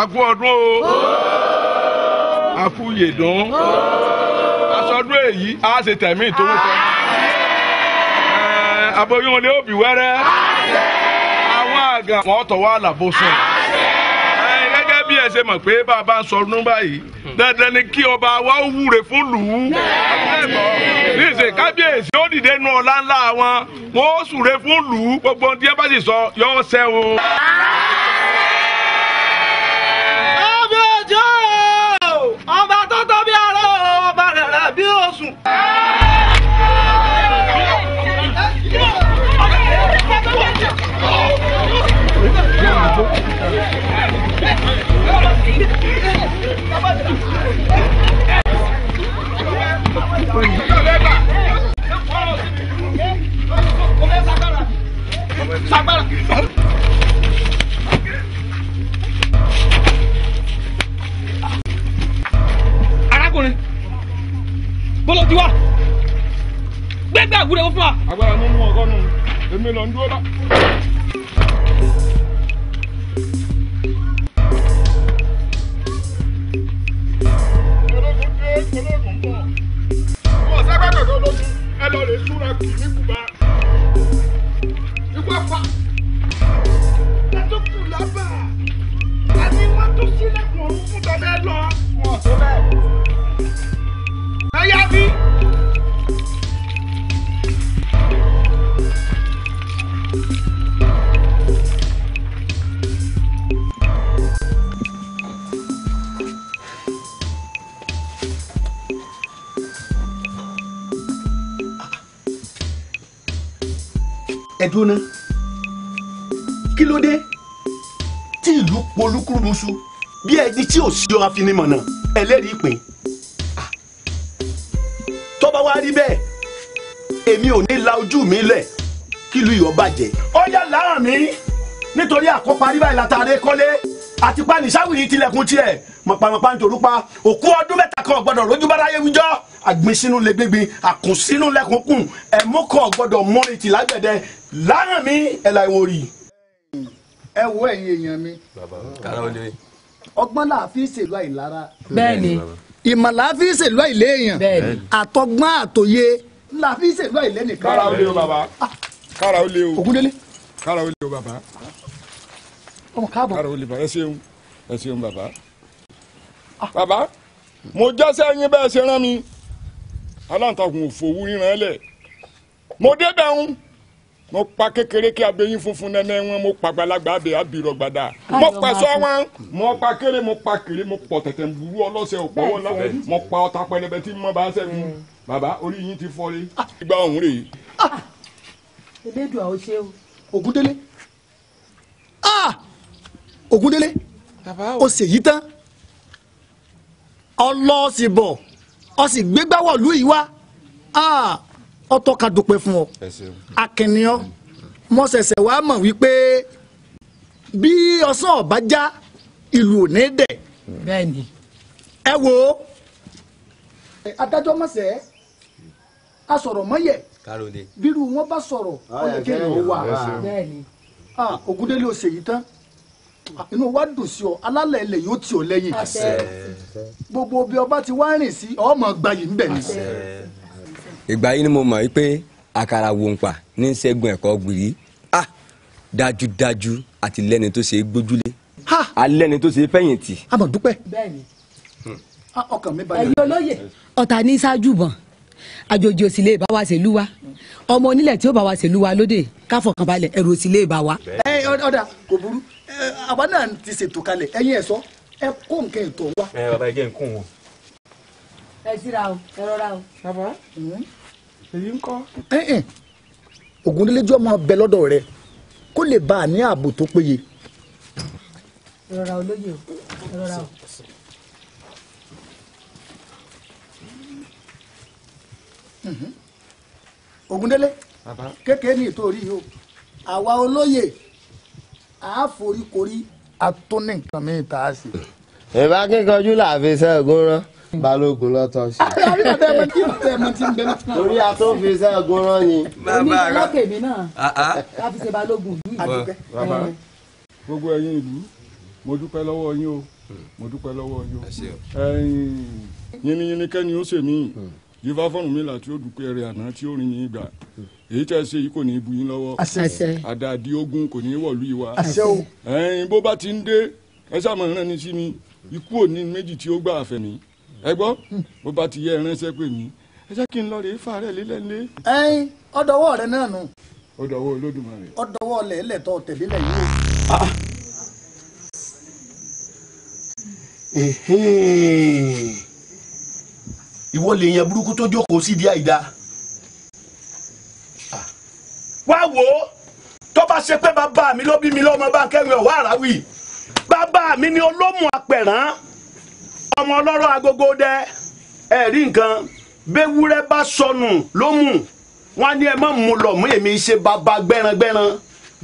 àkú ọdún o àkú yèdún àsọdún èyí á ṣe tẹ̀mí tó wù tán aboyún olè òbí wẹ́rẹ́ àwọn àgàn wọn tọ̀ wá làbó sùn gẹ́gẹ́ bí ẹ ṣe mọ̀ pé bàbá ń sọdún báyìí dandan ni kí ọba wa ó wúre fún lùú níṣẹ́ kábíyèsí ó dìde nu ọ̀la ńlá wọn wọn ó súre fún lùú gbogbo ohun tí ẹ bá sì sọ yọ ọ sẹ́wọ̀n. sagbara. arákùnrin bọ́lá ti wá gbẹgbẹ àgùrẹ wọn fún wa. agbára mo mú ọgọ́ nù èmi lọ ń dúró dá. ológun dé ológun bọ̀ wọ́n sábà gbàgbọ́ lójú ẹ lọ lè súnra kì í ní kùbá. burúkú tó fẹ́ lọ wọn tó bẹ́ẹ̀. ẹyá bí. ẹ̀dùn kí ló dé tí ìlú polúkúrúmuṣu bí ẹni tí ò sí ọra finimọ̀nà ẹlẹ́rìí ìpín tó bá wá rí bẹ́ẹ̀ èmi ò ní la ojú mi lẹ̀ kílùú ìyọ́ bàjẹ́. ó yà láàrín mi nítorí àkópa rí báyìí látàrí kọ́lé àti panisáwìrì tilẹ̀kùn tiẹ̀ mọ̀pàmọ̀pà nítorúpa òkú ọdún mẹ́ta kan ọ̀gbọ́dọ̀ lójú bára yẹ wíjọ́ àgbésínú lẹ́gbẹ̀gbẹ̀ àkùnsínú lẹ́kùnkùn ẹ̀mú kan ọ̀gbọ́dọ̀ mọ́rin tì lágbẹ̀dẹ láàrín mi ẹ̀ láìwò rí. ẹ wo ẹ̀yin èèyàn mi. bàbá o kára ó ọgbọ́n là fi ṣèlú àìlára. bẹ́ẹ̀ni. ìmọ̀ là fi ṣèlú àìléèyàn. bẹ́ẹ̀ni. àtọgbọ́n àtòye là fi ṣèlú àìlẹ́nìkan. kára ó o bàbá ah. kára ó lé o. ògúndélé. kára ó lé o bàbá. ọmọ káàbọ̀. kára ó lé bàbá ẹ ṣeun ẹ ṣeun bàbá. bàbá mo jẹ́sẹ́ yín bẹ́ẹ̀ ṣe rán mi aláǹtakùn òfò owó ríran ẹ lẹ̀ mo débẹ̀ ń mo pa kékeré kí abẹ́yín funfun nẹ́nẹ́ wọn mo pa gbalagba abẹ abirọ gbada mo pa sọ wọn mo pa kéré mo pa kéré mo pọ̀ tẹ̀tẹ̀ burú ọlọ́sẹ̀ òpọ̀wọ́ lábẹ́ mo pa ọta pẹlẹbẹ tí mo bá sẹ́gun mm. bàbá orí yín ti fọ́ rí. ìgbà ọ̀hún rèé. Ah! ebédùn àwọn ṣe o. ògúndélé ah! ògúndélé o sì yí tán ọlọ́ọ̀sì bọ̀ ọ sì gbégbáwọ̀ lú yìí wá ah! ọtọ́ dúpẹ́ fún ọ akịnịọ mọ sẹsẹ wá mọ wípé bí ọsán ọba já ìlú òní dẹ ẹ wo adájọ́ mọ̀sẹ̀ bírú wọn bá sọ̀rọ̀ ọ̀yẹ̀kẹ́ ó wà Ògúndélé ó ṣèyí tán inú wa dùn sí ọ alálẹ̀ ilẹ̀ yóò ọ lẹ́yìn gbogbo bí ọba ti wá rìn sí ọmọ gbayì ni ìgbà yìí ni mo mọ̀ wípé àkàrà wòǹpà ní ṣẹ́gun ẹ̀kọ́ gbìyì ah dájúdájú àti lẹ́ni tó ṣe é gbójúlé alẹ́ni tó ṣe é fẹ̀yìntì. a mọ̀ dúpẹ́. bẹ́ẹ̀ni hmm. ọkàn mi balẹ̀. ẹ̀yin olóye ọ̀tá ní ṣáájú bọ̀n àjòjì ò lè bá wa ṣèlú wa ọmọ onílẹ̀ tí ó bá wa ṣèlú wa lóde káfọkàn balẹ̀ ẹ̀rù ò lè bá wa. ẹ ọ̀dà kò burú àwa náà ti ṣètò kalẹ̀ ẹ̀yin ẹ̀ṣọ́ ẹ kó nǹkan ètò wa. ẹ bàbá ẹ jẹ́ nǹkan wọn. ẹ síra o ẹ rọra o èyí ń kọ́. ògúndínlẹ́jọ́ máa bẹ lọ́dọ̀ rẹ kó lè bá a ní ààbò tó péye. rọra o rọra o. Mhm. ògúndélé kékeré ní ìtòrí yìí o àwa olóyè àáforíkorí atúnìkan mi ta sí. ìbá kíkanjú làá fi ṣẹ́gun rán balógun lọ́tọ̀ ṣe. àbí ọ̀tẹ̀ mo ti tẹ̀ mo ti gbẹ lọ́tọ̀. torí atọ́fíìsẹ́ ẹ̀gúnrán ni. bàbá rà oníṣẹ́ lọ́kèmí náà láti ah, ah. ṣe balógun yìí. bàbá gbogbo ẹ̀yin ìlú mo dúpẹ́ lọ́wọ́ yín o mo dúpẹ́ lọ́wọ́ yín o. yìnyínní kẹ́ni ó ṣèmí yìí fáfọ́nù mi láti ó dúpẹ́ rẹ̀ àná tí ó rìn yín gbà èyí tẹ́ ṣe yìí kò ní í bu yín lọ́wọ́ àdàdì ogun kò ní í wọ̀lú yìí wá bó bá ti ń dé ẹ sáà mọ̀ rán ni sí mi ikú òní méjì tí ó gbà àfẹ̀mí ẹ gbọ́ bó bá ti yẹ ẹ ránṣẹ́ pè mí ẹ jẹ́ kí n lọ rèé fàárẹ̀ lílẹ̀ nílé. ẹyin ọdọwọ rẹ náà nù. ọdọwọ Olódùmarè. ọdọwọ lẹ́ẹ̀lẹ̀ tọ́ tẹ̀lélẹ̀ yìí. Ah, ah. ìwọ lè yan burúkú tó jókòó sídìí àìda. Ah. wá wò ó tó bá ṣe pé bàbá mi ló bí mi lọ́mọ bá kẹ́rin ọ̀wá àràwì bàbá mi ni olómù apẹ̀rán ọmọ ọlọ́rọ̀ agogo dẹ ẹ̀rí nǹkan béwúrẹ́ bá sọnù ló mú wọn ní ẹ má mú lọ mú èmi ṣe bàbá gbẹrangbẹran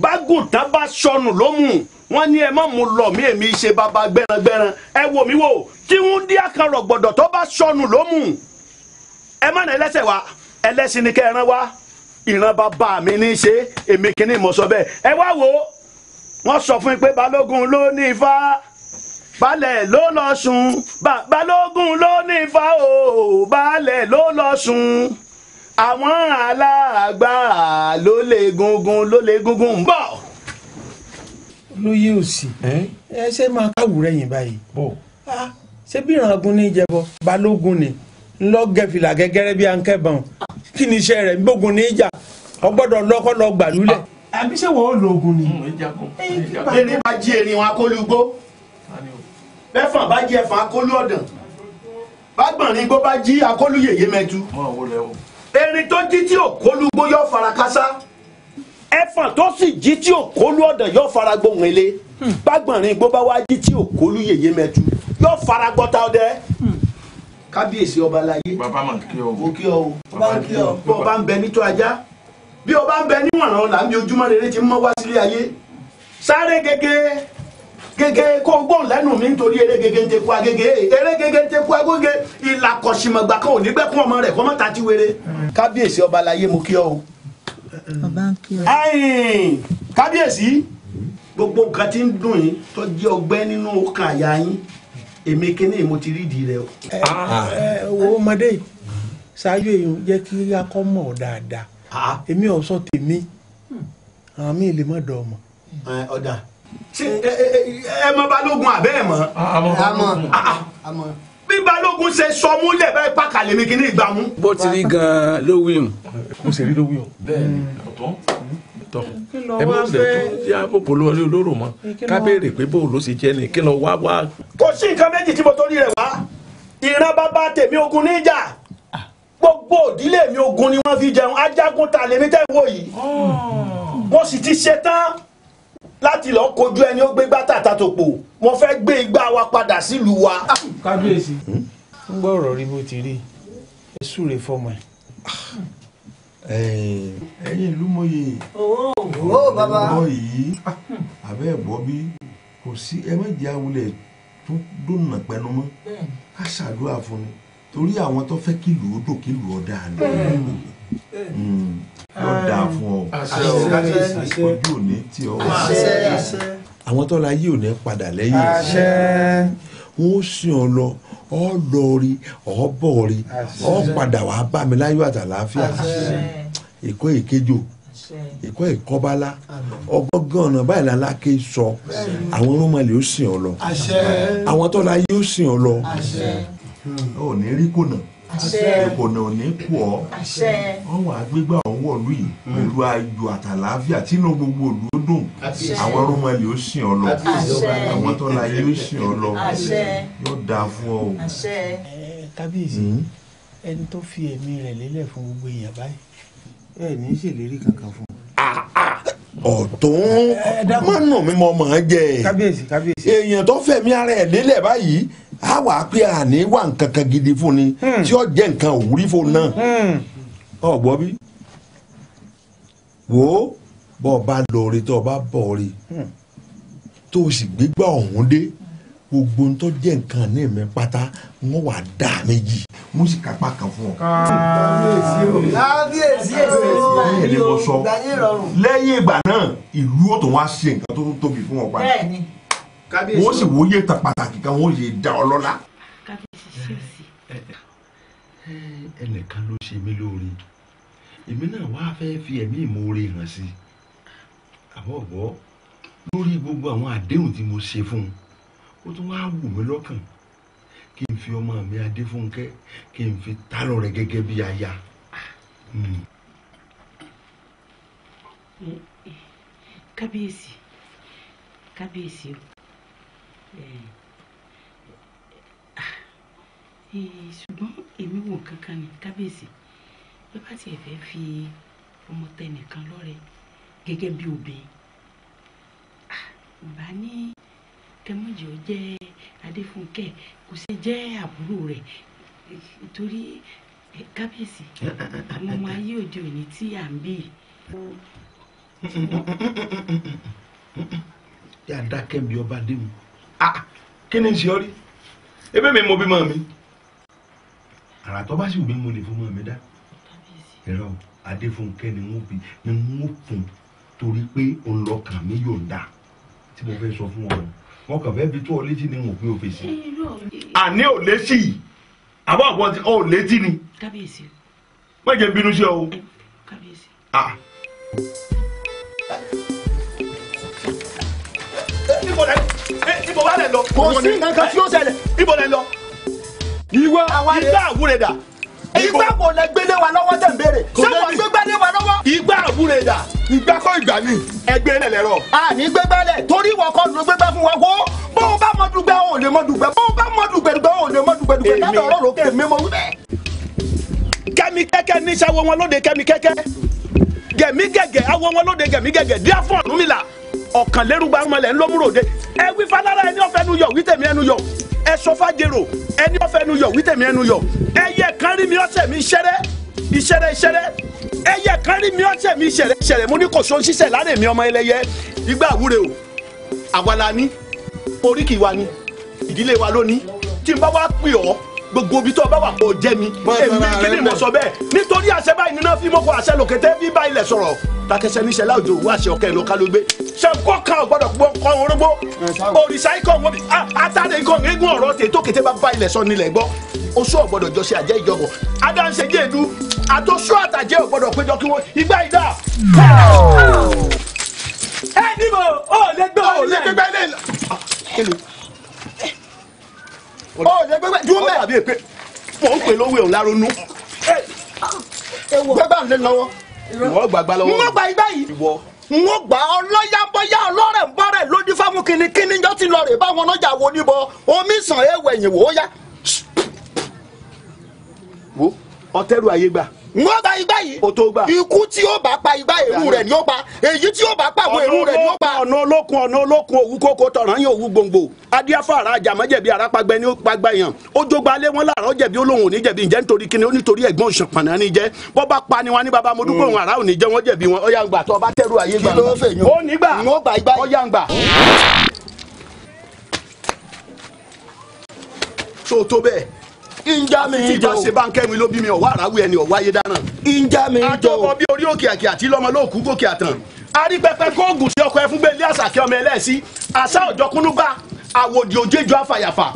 bágùntàn bá sọnù ló mú wọn ní ẹ má mú lọ mí èmi ṣe bàbá gbẹrangbẹran ẹ wò mí wò tí wọn dí àkàrọ gbọdọ tó bá sọnù ló mú ẹ má nà ẹlẹ́ṣẹ̀ wa ẹlẹ́sìn ni kẹrin wa ìran bàbá mi ní ṣe èmi kìíní mọ̀ sọ bẹ́ẹ̀ ẹ wá wò ó wọ́n sọ fún mi pé balógun ló ní ifá balẹ̀ ló lọ sùn balógun ló ní ifá o balẹ̀ ló lọ sùn àwọn aláàgbà ló lè gungun ló lè gungun ń bọ̀. olóyè òsì ẹ ṣe máa káwùrẹ́ yìí báyìí ah, ṣé bí ìràngun ní ìjẹ́bọ balógun ni ńlọgẹ̀fìlà gẹ́gẹ́rẹ́ bíi ànkẹ́bọ̀n kí ni iṣẹ́ rẹ̀ gbógun ní ìjà ọgbọ́dọ̀ lọ́kọ́ lọ gbàlúlẹ̀. Ah, àbíṣe wo lóògùn ni. Hmm, èrè bá jí erin wọn akólúgbó bẹ́fọ̀n bá jẹ́ ẹ̀fọn akólú ọ̀dàn bágbọ̀nrín gbó bá jí akólú yèyé mẹ́tu erin tó jí tí òkólú gbó yọ fara kásá ẹ̀fọn tó sì jí tí òkólú ọ̀dàn yọ fara gbóhùn ele bágbọ̀nrín gbó hmm. bá wá jí tí òkólú yèyé mẹ́tu yọ fara gbọ́ta ọdẹ hmm. kábíyèsí ọba láyé o kí ọ o bàbá kí ń bẹ nítọ́ ajá bí ọba ń bẹ níwọ̀n ọ̀la ń ojúmọ́ rere ti mọ́ wá sílé ayé sáré gẹ́gẹ́ gègé kó gbóhùn lẹ́nu mi nítorí eré gègé ń teku agége eré gègé ń teku agége ìlà kọ̀sìmọ̀gbà kan ò ní gbẹ́kún ọmọ rẹ̀ kọ́mọ́ ta ti wéré. kábíyèsí ọba alayé mo kí ọ o. ọba ń kí ọ. kábíyèsí gbogbo nǹkan tí ń dùn yín tó jẹ́ ọgbẹ́ nínú ọkàn àyà yín èmi kíní mo ti rí ìdí rẹ o. ọmọdé ṣáájú èèyàn jẹ́ kí akọ́ mọ̀ dáadáa ah. èmi ò sọ tèmi àwọn míì lè dọ̀ ọmọ. ọ̀dà ẹ mọ balógun àbẹ́ ẹ mọ. àmọ́ bí balógun ṣe sọ múlẹ̀ bẹ́ẹ̀ pàkàlẹ̀ mi kì í ní ìgbà mú. bó ti rí gan-an ló wí hùn. mo sì rí ló wí hùn. bẹ́ẹ̀ni ọ̀tọ̀ tọ ẹ mọ sílẹ tó yà bòbò lórí olóró mọ ká béèrè pé bó ló ṣe jẹ ni kí lọ wá wá. kò sí nǹkan méjì tí mo torí rẹ̀ wá ìran bàbá tèmi ogun níjà ah. gbogbo òdílé mi ogun ni wọ́n fi jẹun ajagun ta lèmi tẹ́ wò yìí oh. mo sì ti ṣetán láti lọ kojú ẹni ó gbé gbàtà tàtòpò mo fẹ́ gbé igbá wa padà sílùú wa. kábíyèsí ń hmm? gbọ́ ọ̀rọ̀ rí bó ti rí ẹ súre fọmọ ẹ. Eh. ẹ̀yin ìlú mòye ọ̀rọ̀ bọ́ yìí àbẹ́ ẹ̀bọ́ bí kò sí ẹ má jẹ́ àwulẹ̀ tó dóná pẹnu mọ́ hmm. ká ṣàdúrà fún ni torí àwọn tó fẹ́ kí lùú dò kí lùú ọ̀dà ni. Hmm yóò dáa fún ọ ojú ò ní tì ọ àwọn tó la yí ò ní padà lẹ́yìn wọn ó sìn ọ lọ ọ lọ rí ọ bọ̀ rí ọ padà wá bá mi láyọ̀ àtàlàáfíà èkó èkéjò ìkọ́ ìkọ́bálá ọgọ́gán ọ̀nà báyìí la láké sọ àwọn olómọlẹ̀ ó sìn ọ lọ àwọn tó la yóò sìn ọ lọ ò ní rí kùnà ọ̀nà òní kù ọ́ wọ́n wà gbígbà ọ̀hún wọ̀lú yìí hmm. pẹ̀lú ayọ̀ àtàlàáfíà tí inú gbogbo òlú ó dùn àwọn ọmọlẹ̀ ó sìn ọ lọ àwọn tó la yóò sìn ọ lọ yóò dáa fún ọ. kábíyèsí hmm? ẹni tó fi ẹ̀mí rẹ̀ lélẹ̀ fún gbogbo èèyàn báyìí ẹ ní í ṣèlérí kankan fún un. Ah, ah. ọ̀tún má nà mí mọ́ mọ́ jẹ́ èèyàn tó fẹ̀mí ara ẹ̀ lélẹ̀ báyìí a wà pé àní wà nǹkan kan gidi fún ni hmm. tí ó jẹ́ nǹkan òwúrí fún náà hmm. ọ̀gbọ́n bí wò ó bá lọ tó o bá bọ̀ orí hmm. tó o sì gbégbá ọ̀hún dé gbogbo ń tó jẹ́ ní mi pátá wọ́n wà dá méjì mo sì kápá kan fún ọ. lẹ́yìn ìgbà náà ìlú ó tún wá ṣe nǹkan tó tóbi fún ọ padà wọ́n sì wòye tàn pàtàkì kan wọ́n yé da ọ lọ́la. ẹnìkan ló ṣe mí lóore èmi náà wàá fẹ́ fi ẹ̀mí ìmoore hàn sí i àmọ́ ọ̀gbọ́ lórí gbogbo àwọn àdéhùn tí mo ṣe fún un ó tún wáá wù mí lọ́kàn kí n fi ọmọ mi Adéfúnkẹ́ kí n fi ta lọ́rẹ gẹ́gẹ́ bí aya. Hmm. kábíyèsí kábíyèsí o. Eh, eh, eh, ṣùgbọ́n èmi wò kankan ní kábíyèsí bí bá tiẹ̀ fẹ́ fi ọmọ tẹnìkan lọ́rẹ gẹ́gẹ́ bí obìnrin ah, bá ní kẹmọ́jì ó jẹ́ adéfúnkẹ́ kò sì jẹ́ àbúrò rẹ̀ torí kábíyèsí àwọn ọmọ ayé òde òní tí à ń bí. yàrá dákẹ́ ọba dé mu. Ah, kí ni ṣe ọ rí ebe mi mo bímọ mi àrà tó bá sì wù mí mo lè fún mọ mi dá ẹ̀rọ adéfúnkẹ́ ni wọ́n bí ni wọ́n fún torí pé òun lọ́kàn mi yóò dá tí mo fẹ́ sọ fún ọ wọn kàn fẹ́ bi tó ọ létí ni wọn ò pé o fèsì àní ò létí àbọ̀ àbọ̀ ò létí ni má jẹ́ bínú sí ọ o. kábíyèsí. ah. Eh, ibo eh, ìwọ àwọn ilé àwúrẹ̀ kò lẹ gbélé wa lọ́wọ́ tẹ̀ ń ṣé wọ́n gbé gbélé wa lọ́wọ́. ìgbà àwúrẹ̀ dà. ìgbà kọ́ ni. ẹgbẹ́ rẹ̀ lẹ́rọ. a ní gbégbálẹ̀ torí ìwọ kọ́ ló gbégbá fún wa wo. bó o bá mọ dùgbẹ́ o lè mọ dùgbẹ́. bó o bá mọ dùgbẹ́ dùgbẹ́ o lè mọ dùgbẹ́ dùgbẹ́. láti ọ̀rọ̀ lókè mímọ́ wípé. kẹ́mi kẹ́kẹ́ níṣẹ́ wo wọn lóde kẹ́mi kẹ́kẹ́ gẹ̀mí gẹ̀gẹ̀ awo wọn lóde gẹ̀mí gẹ̀gẹ̀ díẹ̀ ọ̀kànlérúgba ọmọlẹ̀ ńlọ́múròde ẹ wí falára ẹni ọ̀fẹ́ nu yọ wí tèmi ẹnu yọ ẹ sọ fàjèrò ẹni ọ̀fẹ́ nu yọ wí tèmi ẹnu yọ ẹyẹ kan rí mi ọ̀sẹ̀ mi ṣẹ́rẹ́ ìṣẹ́rẹ́ ìṣẹ́rẹ́ ẹyẹ kan rí mi ọ̀sẹ̀ mi ṣẹ̀rẹ̀ ṣẹ̀rẹ̀ mo ní kò so ṣiṣẹ́ láre mi ọmọ ẹlẹ́yẹ igbá àwúre o àwa la ní oríkì wa ní ìdílé wa ló ní tí n bá wá pè ọ́ gbogbo ibi tó o bá wà kó o jẹ́ mi èmi kí ni mo sọ bẹ́ẹ̀ nítorí àṣẹ báyìí nínú fíìmù kó àṣẹ lòkètè fi bá ilẹ̀ sọ̀rọ̀ takẹsẹ níṣẹ láwùjọ òwú àṣẹ ọkẹ ìlú kálógbé ṣàǹkó kan ọgbọdọ gbọ kan orógbó òrìṣà ikọ wọn àtàdé ikọ eégún ọ̀rọ̀ tè tó kété bá bá ilẹ̀ sọ nílẹ̀ gbọ́ oṣù ọgbọdọ jọṣẹ àjẹ ìjọbọ adáǹṣe jẹẹdu àtọṣù àtàjẹ ọgbọdọ péjọ kí wọn igbá ìdá. ẹ níbo o lè gbọ́ ọ lè gbẹgbẹ lè lọ. o lè gbẹgbẹ dúró mẹ́ẹ̀. wọ́n ń ìwọ gbàgbá lọ́wọ́ mi. mo gbà igbá yìí. ìwọ mo gbà ọlọ́yàbọ́yà ọlọ́rẹ̀ ń bọ́rẹ̀ lójú fáwọn kìnnìkìnnì jọ ti lọ rè báwọn ọlọ́jà wo níbọ omi sàn éwẹ̀yìn wò ó yá. wo ọtẹ́rù ayé gbà n ó bá igbá yìí. o tó gbà. ikú tí ó bá pa igbá èrú rẹ̀ ni ó pa èyí tí ó bá pa àwọn èrú rẹ̀ ni ó pa. ọ̀nà olókun ọ̀nà olókun òwú kókó tọ̀ràn yín òwú gbòǹgbò adíáfà ara àjàmọ́jẹ̀bi ara pagbẹ́ ní pagbẹ́ yàn ó jogba alẹ́ wọn láàárọ̀ jẹ̀bi olóhùn òní jẹ̀bi ǹjẹ́ nítorí kíni ó nítorí ẹ̀gbọ́n òṣàpànà ni jẹ́ bọ́ bá pa ni wọn ní baba mo dúpọ̀ hmm. òun àrà òní jẹ́ wọ́n jẹ̀bi wọn ó yà tó tó bẹ́ẹ̀ ìjà mi jò tí bá ṣe bá ń kẹ́rin ló bí mi ọ̀wá àràwé ẹni ọ̀wá ayé dáná. ìjà mi jò àjọpọ̀ bí orí òkè àkè àti lọ́mọ lóòkú gòkè àtàn. arípẹpẹ góògùn sí ọkọ ẹfún gbélé àṣàkẹ́ ọmọ ẹlẹ́sìn àṣà òjọkúnúgbà àwòdì òjèjọ àfàyàfà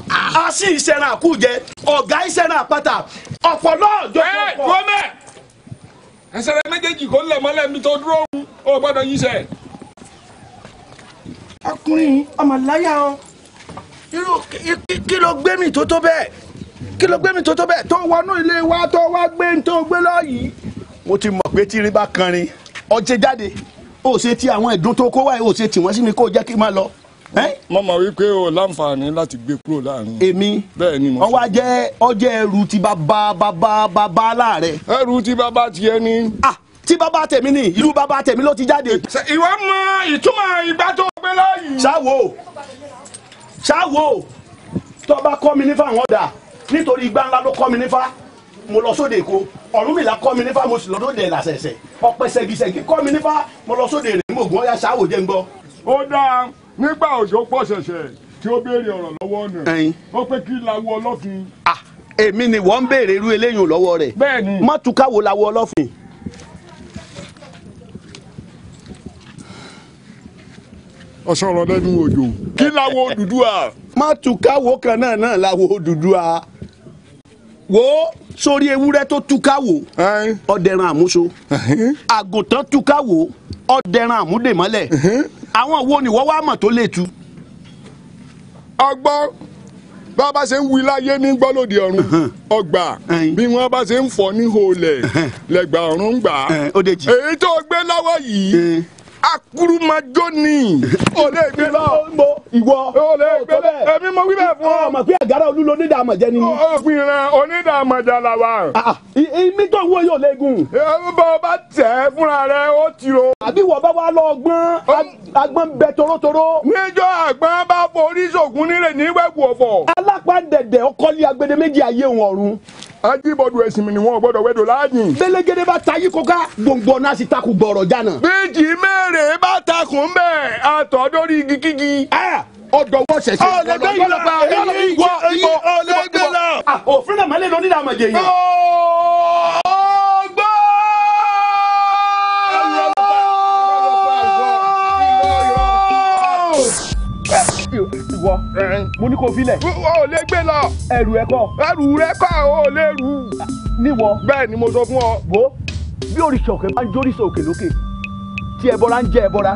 a sì ìṣẹ̀ràn àkújẹ ọ̀gá ìṣẹ̀ràn àpáta ọ̀pọ̀lọ́ ọ̀jọ̀ kọ̀ọ̀kan. ẹsẹ̀ rẹ méjèèjì kò ń lẹ̀ mọ́lẹ̀ mi tó dúró òun ò gbọ́dọ̀ yín sẹ̀. ọkùnrin ọmọláyà kí ló gbé mi tó tó bẹ́ẹ̀ kí ló gbé mi tó tó bẹ́ẹ̀ tó wọnú ilé wa tó wá gbé ní tó gbé lọ́yìí. mo ti mọ̀ pé tírin bá kanrin ọjẹ́ jáde ó ṣe ti àwọn ẹ̀dùn tó kó wáyé ó ṣe tì wọ́n sí mi kó jẹ́ kí n máa lọ. mo mọ̀ wípé o láǹfààní láti gbé kúrò láàrin. èmi bẹ́ẹ̀ ni mo sọ. ọwọ́ ajẹ́ ọjẹ́ ẹrù ti bàbá bàbá bàbá láàrẹ̀. ẹrù ti bàbá tiẹ̀ ni. ah tí bàbá tèmi ni ìlú bàbá tèmi ló ti jáde. ìwọ mọ ìtumọ̀ ìgbà tó gbé lọ́yìí. ṣáwo ṣáwo tó bá kọ́ mi ní fáwọn ọ̀dà nítorí igbá ńlá ló kọ́ mi nífá mo lọ sóde èkó ọ̀rúnmìlà kọ́ mi nífá mo sì lọ sóde làṣẹ̀ṣẹ̀ ọ̀pẹ ṣẹ̀gìṣẹ̀gì kọ́ mi nífá mo lọ sóde èrè mo gùn ọ́yá ṣáwò jẹ́ ń gbọ́. ó dáa nígbà òjò pọ̀ ṣẹ̀ṣẹ̀ tí ó béèrè ọ̀rọ̀ lọ́wọ́ náà ó pé kí lawọ ọlọ́fin. èmi ni wọ́n ń béèrè irú eléyìí lọ́wọ́ rẹ̀ mọ́túkáwo lawọ ọlọ́fin. ọ̀sán ọ̀rọ̀ lẹ́nu òjò kí lawọ Odùduwà. mọ́túkáwo kan náà náà lawọ wo sórí ewúrẹ́ tó túká wò ọdẹran àmúso àgùntàn túká wò ọdẹran àmúdèmọ́lẹ̀ àwọn wo ni wọ́n wá mọ̀ tó lè tu. ọgbọ́n bá a bá ṣe ń wí láyé ní gbọ́lódì ọ̀run ọgbà bí wọ́n bá ṣe ń fọ́ ní holẹ̀ lẹ́gbà ọ̀run gbà èyí tó gbé lọ́wọ́ yìí akurumajó ni. o lè gbé lọ ìwọ o lè gbé lọ èmi mo wí bẹ́ẹ̀ fún ọ. ọmọ pé àgárá olú lónídàámọ̀jẹ ni. òpinrin onídàámọ̀jẹ la wa. mi tó wo yóò léegun. bọ́ ọ bá tẹ̀ ẹ́ fúnra rẹ ó ti ro. àbí wọ́n bá wá lọ gbọ́n agbọ́n bẹ torótoró. níjọ́ àgbọn bá forí ṣògùn nílẹ̀ níwẹ̀wù ọ̀fọ̀. alápá dẹ̀dẹ̀ ọkọ lé agbede méjì ayé wọn ọ̀run ajibọdù ẹ̀sìn mi ni wọn ò gbọ́dọ̀ wẹdọ láàyìn. bẹlẹgẹdẹ bá ta yí kọká gbòǹgbò náà sì takùn gbọrọ jana. bíjì mẹ́rẹ̀ bá takùn bẹ́ẹ̀ àtọ̀ dórí igi kígi. ẹ ọdọ wọ ṣẹṣẹ ọlọgbẹ ìlọpa èyí wọ ìbò ọlẹgbẹ la. òfin náà mọ́lẹ́ lọ nílẹ̀ àmọ̀jẹ̀ yẹn. ọgbọ́n ìwọ mo ní kó filẹ̀. o lè gbé lọ. ẹrù ẹ kọ́. ẹrù rẹ kọ́ o lè rù. níwọ. bẹ́ẹ̀ ni mo sọ fún ọ. wo bí òrìṣà òkè bá ń jóríṣà òkè lókè tí ẹbọra ń jẹ ẹbọra.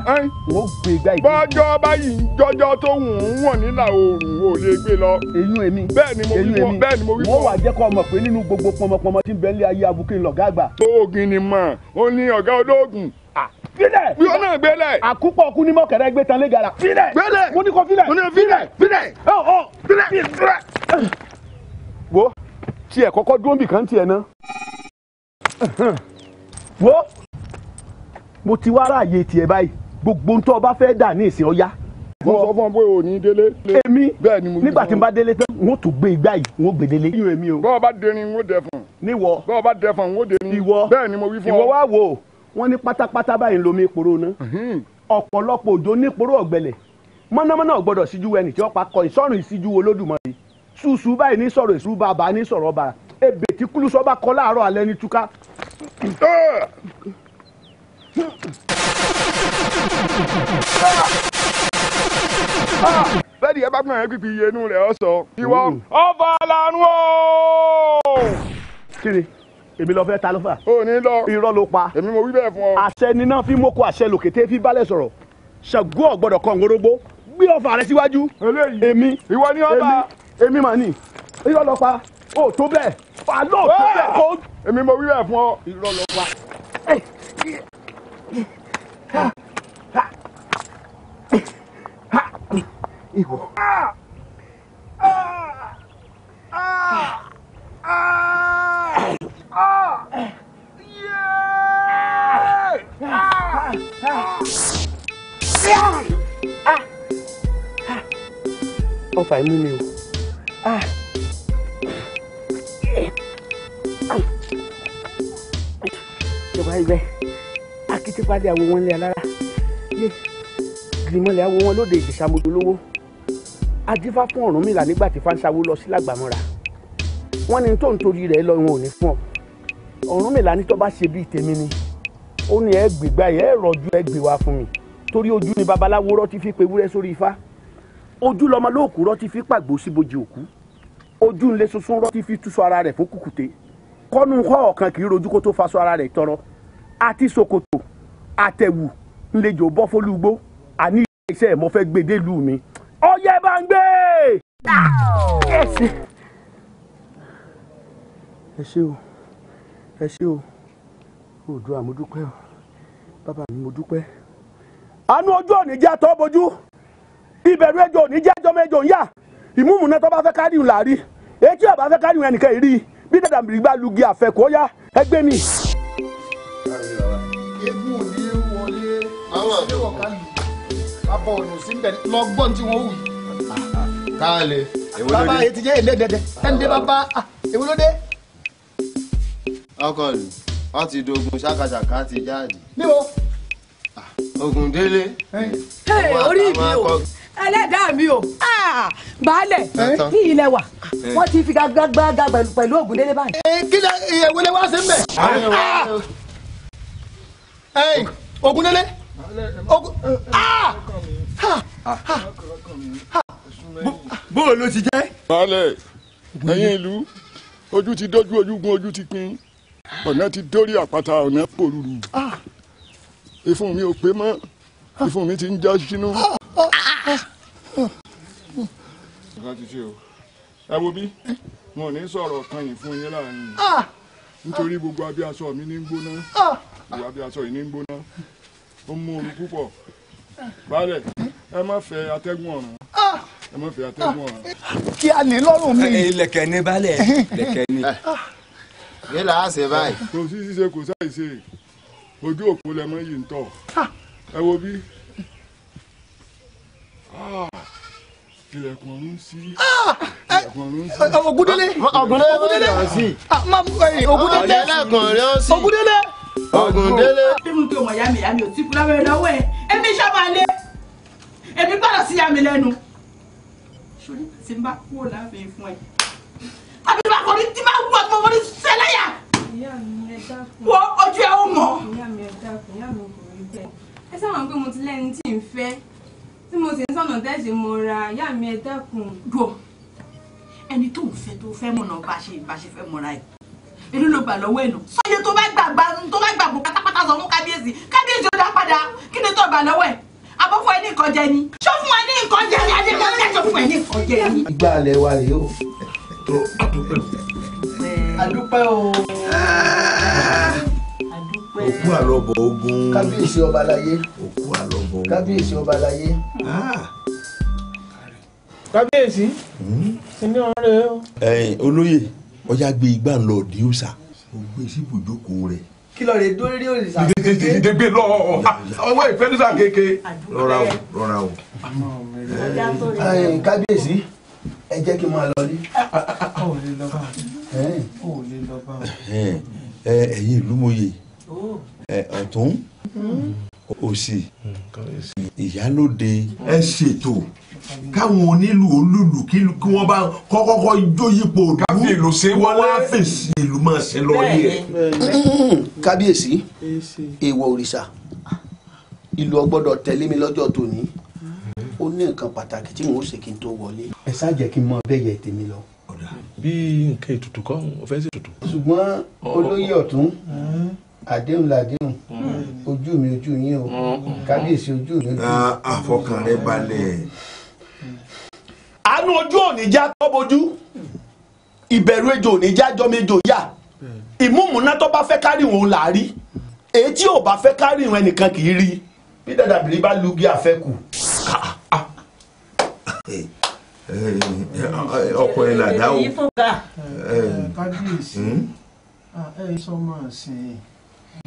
wọ́n gbé igbá ìgbé. bọ́jọ́ báyìí jọjọ́ tó wù ú wọ̀n nílà oòrùn ò lè gbé lọ. eyín èmi bẹ́ẹ̀ ni mo bẹ́ẹ̀ ni mo wí fún. wọ́n wà jẹ́ kó ọmọ pé nínú gbogbo pọmọpọmọ tí ń bẹ ní ayé abuké lọ̀gá àgbà. oògùn ni mọ̀ ó ní ọ̀gá olóògùn Ah. filẹ̀. mi ò náà gbélé. àkúpọ̀ kú ní mọ̀kẹ́rẹ́ gbé tán lẹ́gàrà. filẹ̀ gbélé. mo ní kó filẹ̀. mo ní filẹ̀ filẹ̀. ọ ọ filẹ̀ filẹ̀. wo tiẹ̀ kọ́kọ́ dúró bì kan tiẹ̀ ná. wo mo ti wá ráàyè tiẹ̀ báyìí gbogbo ń tọ́ bá fẹ́ dà ní ìsìn ọ̀yá. mo sọ fún ọ pé o ní délé. èmi nígbà tí n bá délé tán n ó tún gbé igbá yìí n ó gbé délé. bọ́ọ̀ bá dẹrin n ó dẹ fún. níwọ. bọ́ọ̀ bá dẹ fún n ó dẹrin. ìwọ bẹ́ẹ̀ ni mo wí fún ọ. ìwọ wá wò ó wọ́n ní pátápátá báyìí lomi ìpòrò náà mhm. ọ̀pọ̀lọpọ̀ òjò nípòrò ọ̀gbẹ̀lẹ̀ mọ́nàmọ́ná ò gbọ́dọ̀ síjú ẹnì tí wọ́n pa kọ ìsọ̀rọ̀ ìsíjú olódùmarè ṣùṣù báyìí ní sọ̀rọ̀ ìṣú bàbá ní sọ̀rọ̀ bàrà ebè tí kúlùsọ bá kọ láàárọ̀ alẹ́ ní túká. bẹ́ẹ̀ni ẹ bá gbọ́n yẹn pípi iye inú rẹ̀ ọ sọ. ìwọ ọba lanu ooo. kiri èmi lọ fẹ́ ta lọ́fà. o ní lọ irọ́ ló pa. èmi mo wí bẹ́ẹ̀ fún ọ. àṣẹ níná fi mọ́kọ àṣẹ lòkété fi bálẹ̀ sọ̀rọ̀ ṣàgó ọ̀gbọ́dọ̀ kan òrógbó gbé ọfà rẹ síwájú. eléyìí èmi ìwọ ni ọba èmi mà ní irọ́ ló pa o tó bẹ́ẹ̀ fà ló tó bẹ́ẹ̀ kó. èmi mo wí bẹ́ẹ̀ fún ọ irọ́ ló pa. ìwọ ọfà imú mi o. ìjọba ibẹ̀ akitipadé àwọn wọn lé alára gbìmọ̀lẹ̀ àwọn wọn lóde ìgbésàmójú lówó ajífá fún Ọ̀rúnmìlà nígbà tí fáńsáwó lọ sí lágbàmọ́ra wọ́n ní tó ń torí rẹ̀ lọ wọn fún ọ. Ọ̀rúnmìlà ní tó bá ṣe bíi tèmi ni ó ní ẹ gbègbà yẹ ẹ rọ̀jú ẹ gbé wá fún mi torí ojú ni babaláwo rọ́ ti fi pe ewúrẹ́ sórí ifá ojú lọmọ lóòkú rọ́ ti fi pàgbó síbojì òkú ojú ńlẹ̀ sunsun rọ́ ti fi túṣọ ara rẹ̀ fún kùkùté kọ́nu họ́ ọ̀kan kì í rojú kó tó faṣọ ara rẹ̀ tọrọ àti ṣòkòtò àtẹ̀wù ńlẹjọ bọ́ fólúgbó àní iṣẹ́ mo fẹ́ gbé délùú mi ọyẹ bá ń gbé. ẹ ṣe ẹ ṣe o ẹ ṣé o Oòduà mo dúpẹ́ o bàbá mi mo dúpẹ́. àánú ojú òní jẹ́ àtọ́ bojú ìbẹ̀rù ẹjọ́ òní jẹ́ ẹjọ́ mẹ́jọ ń yà ìmúmùná tó bá fẹ́ kárí ìhùn làárí etí ọ̀bá fẹ́ kárí ìhùn ẹnìkan ìrí bí dàdà mìíràn bá lugi àfẹ́kọ̀ọ́ yá ẹgbẹ́ mi. egun ò ní wọlé ẹwọ ká lù abọ ọ̀nà sí bẹ̀ lọ́gbọ́n tí wọ́n wù yìí. káàlẹ̀ èwo ló dé. bàbá ètí jẹ́ èlé dẹ́dẹ́ ẹ̀ ń dé bàbá ah, èwo ló dé ọkọ rẹ wọn ti dogun ṣàkàṣàkà ti jáde. níbo. Ah, ogun délé. orí mi o ẹlẹ́dàá mi o ah, baálẹ̀ ní ilẹ̀ wa wọ́n ti fi gbàgbàgbà pẹ̀lú ogun délé báyìí. kí lẹ ìyẹ̀wò lè wá sí mbẹ̀. ogun délé ogun bóòlù ló ti jẹ́. baálẹ̀ ẹ̀yin ìlú ojú ti dójú ojú gun ojú ti pin ọ̀nà ti dórí àpáta ọ̀nà pòrúurú ìfun ah. mi ò pé mọ́ ìfun ah. mi ti ń já sínú. Ah, ẹ wo bí wọn ò ní sọ̀rọ̀ kan yìí fún yín láàrin nítorí gbogbo abẹ́ aṣọ mi ní ń gbóná gbogbo abẹ́ aṣọ yìí ní ń gbóná ó mú ooru púpọ̀ balẹ̀ ẹ má fẹ́ atẹ́gùn ọ̀ràn ẹ má fẹ́ atẹ́gùn ọ̀ràn. kí a ní lọ́rùn mi. ilẹ̀kẹ̀ ni balẹ̀ eh. ilẹ̀kẹ̀ ni kí là á ṣe kò sí ṣíṣe kò sáì ṣe ojú òpó lẹmọ yìí ń tọ ẹ wo bí ilẹ̀kùn ọ̀run sí ilẹ̀kùn ọ̀run sí. ògúndélé ògúndélé ògúndélé ògúndélé ògúndélé tó mọ̀ yámi yámi ò tí kú lábẹ́rẹ́ lọ́wọ́ ẹ̀ ẹ̀mí sábà lé ẹ̀mí gbọ́dọ̀ sí yámi lẹ́nu ṣòlí tí n bá kúrò láàbẹ̀ fún ẹ̀ àbí bá kò ní tí bá wù ọtí mo ní sẹlẹ́yà wo ojú ẹ ó mọ̀. ẹ mo ti lẹ́ni tí ń fẹ́ tí mo sì ń sọ̀nà tẹ́sí mo ra ìyá mi ẹ dákun. gbọ́ ẹni tó ń fẹ́ tó fẹ́ mọ̀nà bá ṣe bá ṣe fẹ́ mọ̀ra ẹ̀ èlú ló gbà lọ́wọ́ ẹ̀nà sọ́yẹ tó bá gbàgbà tó bá gbàgbó pátápátá sọ fún kábíyèsí kábíyèsí ó dá padà kí ni tó gbà lọ́wọ́ ẹ̀ abọ́fọ́ ẹ nǹkan jẹ ni ṣó fún ẹ nǹkan jẹ ni adé mọ́lẹ́ ṣó fún ẹ nǹkan jẹ ni. ìgbà alẹ́ wa rèé o adúpẹ́ o. adúpẹ́ ah. o. adúpẹ́. òkú àlọ́bọ̀ ogun. kábíyèsí ọba láyé. òkú àlọ́bọ̀ ogun. kábíyèsí ọba láyé. Ah. kábíyèsí. sinmi hmm? ọ̀rẹ́ o. ẹ̀yin olóyè ọjà gbé igbá ńlọ òdì òòsà ó gbé síbùjókòó rẹ̀ kí lọ rè dórí òrìṣà kékeré. dídídí gbé lọ ọwọ́ ìfẹ́ nísà kékeré. rọra o rọra o. kábíyèsí ẹ jẹ́ kí n máa lọ rí. ó lè lọ bá ó lè lọ bá. ẹ̀yin ìlú mòye ọ̀tún hmm. òsì hmm, ìyálòde ẹ ṣètò hmm. káwọn onílù olúlù kí wọ́n bá kọ́kọ́kọ́ jó yípo òdú kábíyèsí wá fèsì ìlú máa ṣe lọ yé kábíyèsí èèwọ̀ òrìṣà ìlú ò tẹ̀lé mi lọ́jọ́ tòní ó ní nǹkan pàtàkì tí mò ń ṣe kí n tó wọlé. ẹ ṣáà jẹ́ kí n mọ bẹ́yẹ tèmi lọ. ọ̀dà bí nǹkan ètùtù kan ò fẹ́ sí ètùtù. ṣùgbọ́n olóyè ọ̀tún àdéhùn làdéhùn mm. ojú mi ojú yín o mm, mm. kábíyèsí ojú mi ojú. àfọkàn ah, ah, rẹ balẹ̀. àánú ojú òní já tọ́bojú ìbẹ̀rù ejò òní já jọmejò yá ìmúmúná tó bá fẹ́ kárí wọn là á rí èyí tí ò bá fẹ́ kárí wọn ẹnìkan kì í rí bí dàdàbìrì bá lugi àfẹ́kù. Ah, ọkọ ẹ làdá o. kábíyèsí hmm? ẹ sọ máa sìn ẹ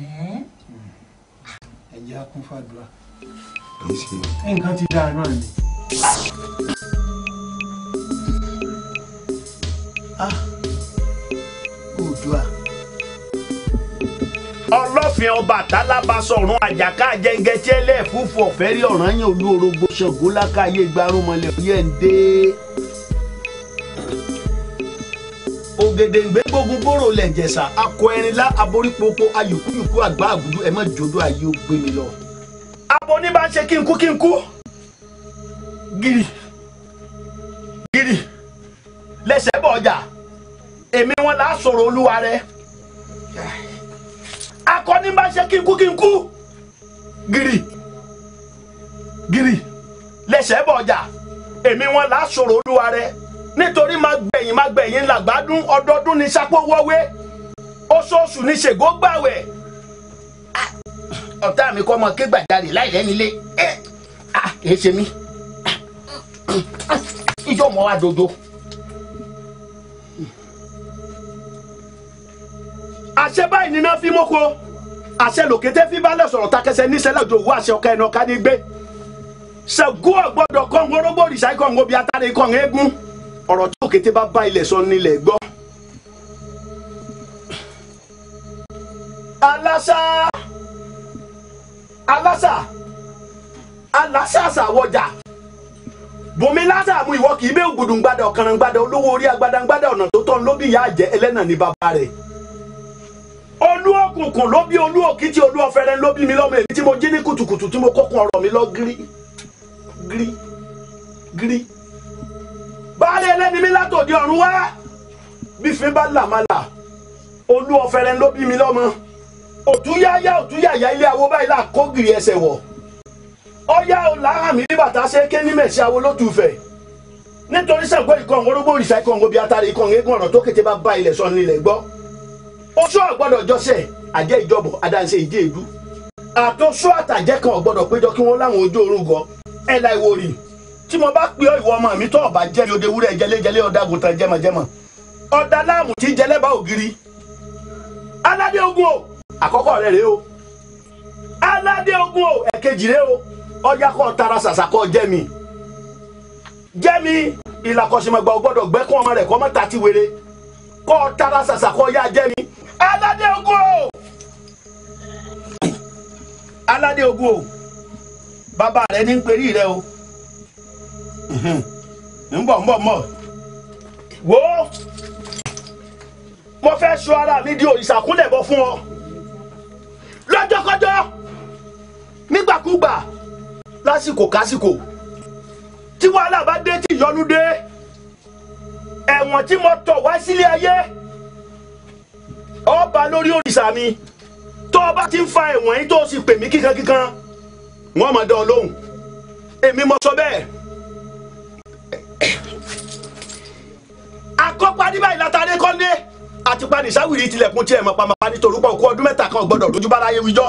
jẹ́ akúnfàdúrà nǹkan ti dáa náà ni. ah oòdùà ọlọ́fin ọba àtàlábà sọ̀rùn àjàká jẹ́ngẹ́tì ẹlẹ́ẹ̀fúfú ọ̀fẹ́ rí ọ̀ràn yẹn olú orogbo ṣàngó lákàyè gbarumọlẹ̀ oyè ń dé. ògèdèǹgbé gbógun bóró lẹ̀jẹ̀sà akọ ẹrinlá aborípopo ayùkúyùkú àgbà àgùdù ẹ̀ mọ́ jòdó ayé ó gbé mi lọ. abo ní bá ń ṣe kí n kú kí n kú gírì gírì lẹsẹ̀ bọ̀ ọjà èmi wọn là olúwa rẹ̀ akọni bá ṣe kí n kú kí n kú gírì gírì lẹsẹ bọ ọjà èmi wọn là á sọ̀rọ̀ olúwa rẹ nítorí má gbẹ̀yìn má gbẹ̀yìn làgbádùn ọdọọdún ní sápó wọwé oṣooṣù ní ṣègò gbàwẹ̀ ah, ọ̀tá mi kọ́ ọmọ ké gbàjarè láì lẹ́nilé ẹ eh, ẹ ah, ṣe mí ìjọ mọ́ wa dodo. àṣẹ báyìí ni iná fi mọ́kọ́ àṣẹ lòkété fi balẹ̀ sọ̀rọ̀ takẹsẹ níṣẹ́ lọ́jọ́ òwú àṣẹ ọ̀ka ẹnu ọ̀ka ní gbé ṣàgó ọ̀gbọ́dọ̀ kọ́ ń orógbó òrìṣà ikọ̀ ń obi atare ikọ̀ ń eégún ọ̀rọ̀ tí òkété bá bá ilẹ̀ sọ nílẹ̀ gbọ́. alásà alásà alásà àṣàwọ̀jà bùnmi lásà mú ìwọ kì í bẹ́ẹ̀ gbùdùngbàdà ọ̀kànràngbàdà olówó orí agbadàngbàdà ọ̀nà tó tọ́ ń lóbìyà àjẹ́ ẹlẹ́nà ní bàbá rẹ̀ olú òkùnkùn ló bí olú òkìtì olú ọ̀fẹ́rẹ́ ló bí mi lọ́mọ èmi tí mo jí ní kùtùkùtù tí mo kókun ọ̀rọ̀ mi lọ gírí gírí gírí baálé ẹlẹ́ni mi látòdì ọ̀run wá bífin bá là má là olú ọ̀fẹ́rẹ́ ló bí mi lọ́mọ òtúyáyá òtúyáyá ilé awo báyìí là kó gìrì ẹsẹ̀ wọ̀ ọ̀yá o làhàn mi bí bàtà ṣe ké ní mẹ̀sí awo lótùfẹ̀ nítorí sàgbọ́ ìkọ̀ǹgó òrìṣà ìkọ̀ǹgó bíi atari ìkọ̀ǹgó eégún ọ̀rọ̀ tó kété bá bá ilẹ̀ sọ nílẹ̀ gbọ́ oṣù àgbọ́dọ̀ jọṣẹ àjẹ ìjọbọ adáǹṣe ìdí èdú àtúnṣọ àtàjẹ kan ọgbọ́dọ̀ péjọ kí wọn láwọn ojú oorun gọ ẹ la ìwo rì tí mo bá pè ọ ìwọ ọmọ mi tó ọba jẹ yòde wúrẹ jẹlẹjẹlẹ ọdàgùntàn jẹmọjẹmọ ọdà láàmù tí jẹlẹba ògiri aládé ogun o àkọ́kọ́ rẹ rèé o aládé ogun o ẹ̀kejì rèé o ọjà kọ tara sàṣàkọ jẹmi jẹmi ìlàkọsìmọgbà ọgbọ́dọ̀ gbẹkún ọmọ rẹ kọ mọ tàti wèrè kọ tara sàṣàkọ yá jẹmi aládé ogun o aládé ogun o bàbá rẹ ní perí rẹ o ń bọ̀ ń wo mo fẹ́ sọ ara mi di òrìṣà kúnlẹ̀ bọ̀ fún ọ lọ́jọ́kọ́jọ́ nígbàkúgbà lásìkò kásìkò tí wàhálà bá dé tí ìyọnu dé ẹ̀wọ̀n tí mo tọ̀ wá sílé ayé ọba lórí òrìṣà mi tó o bá ti ń fa ẹ̀wọ̀n yín tó o sì pè mí kíkankíkan wọ́n máa dán ọ lóhùn èmi mo sọ bẹ́ẹ̀ akọ́pá ní báyìí látàrí kọ́ndé àti panisawiri tilẹ̀kùn tiẹ̀ mọ̀pamọ̀pa nítorí pọ̀ kú ọdún mẹ́ta kan gbọ́dọ̀ lójú bára yẹ wíjọ́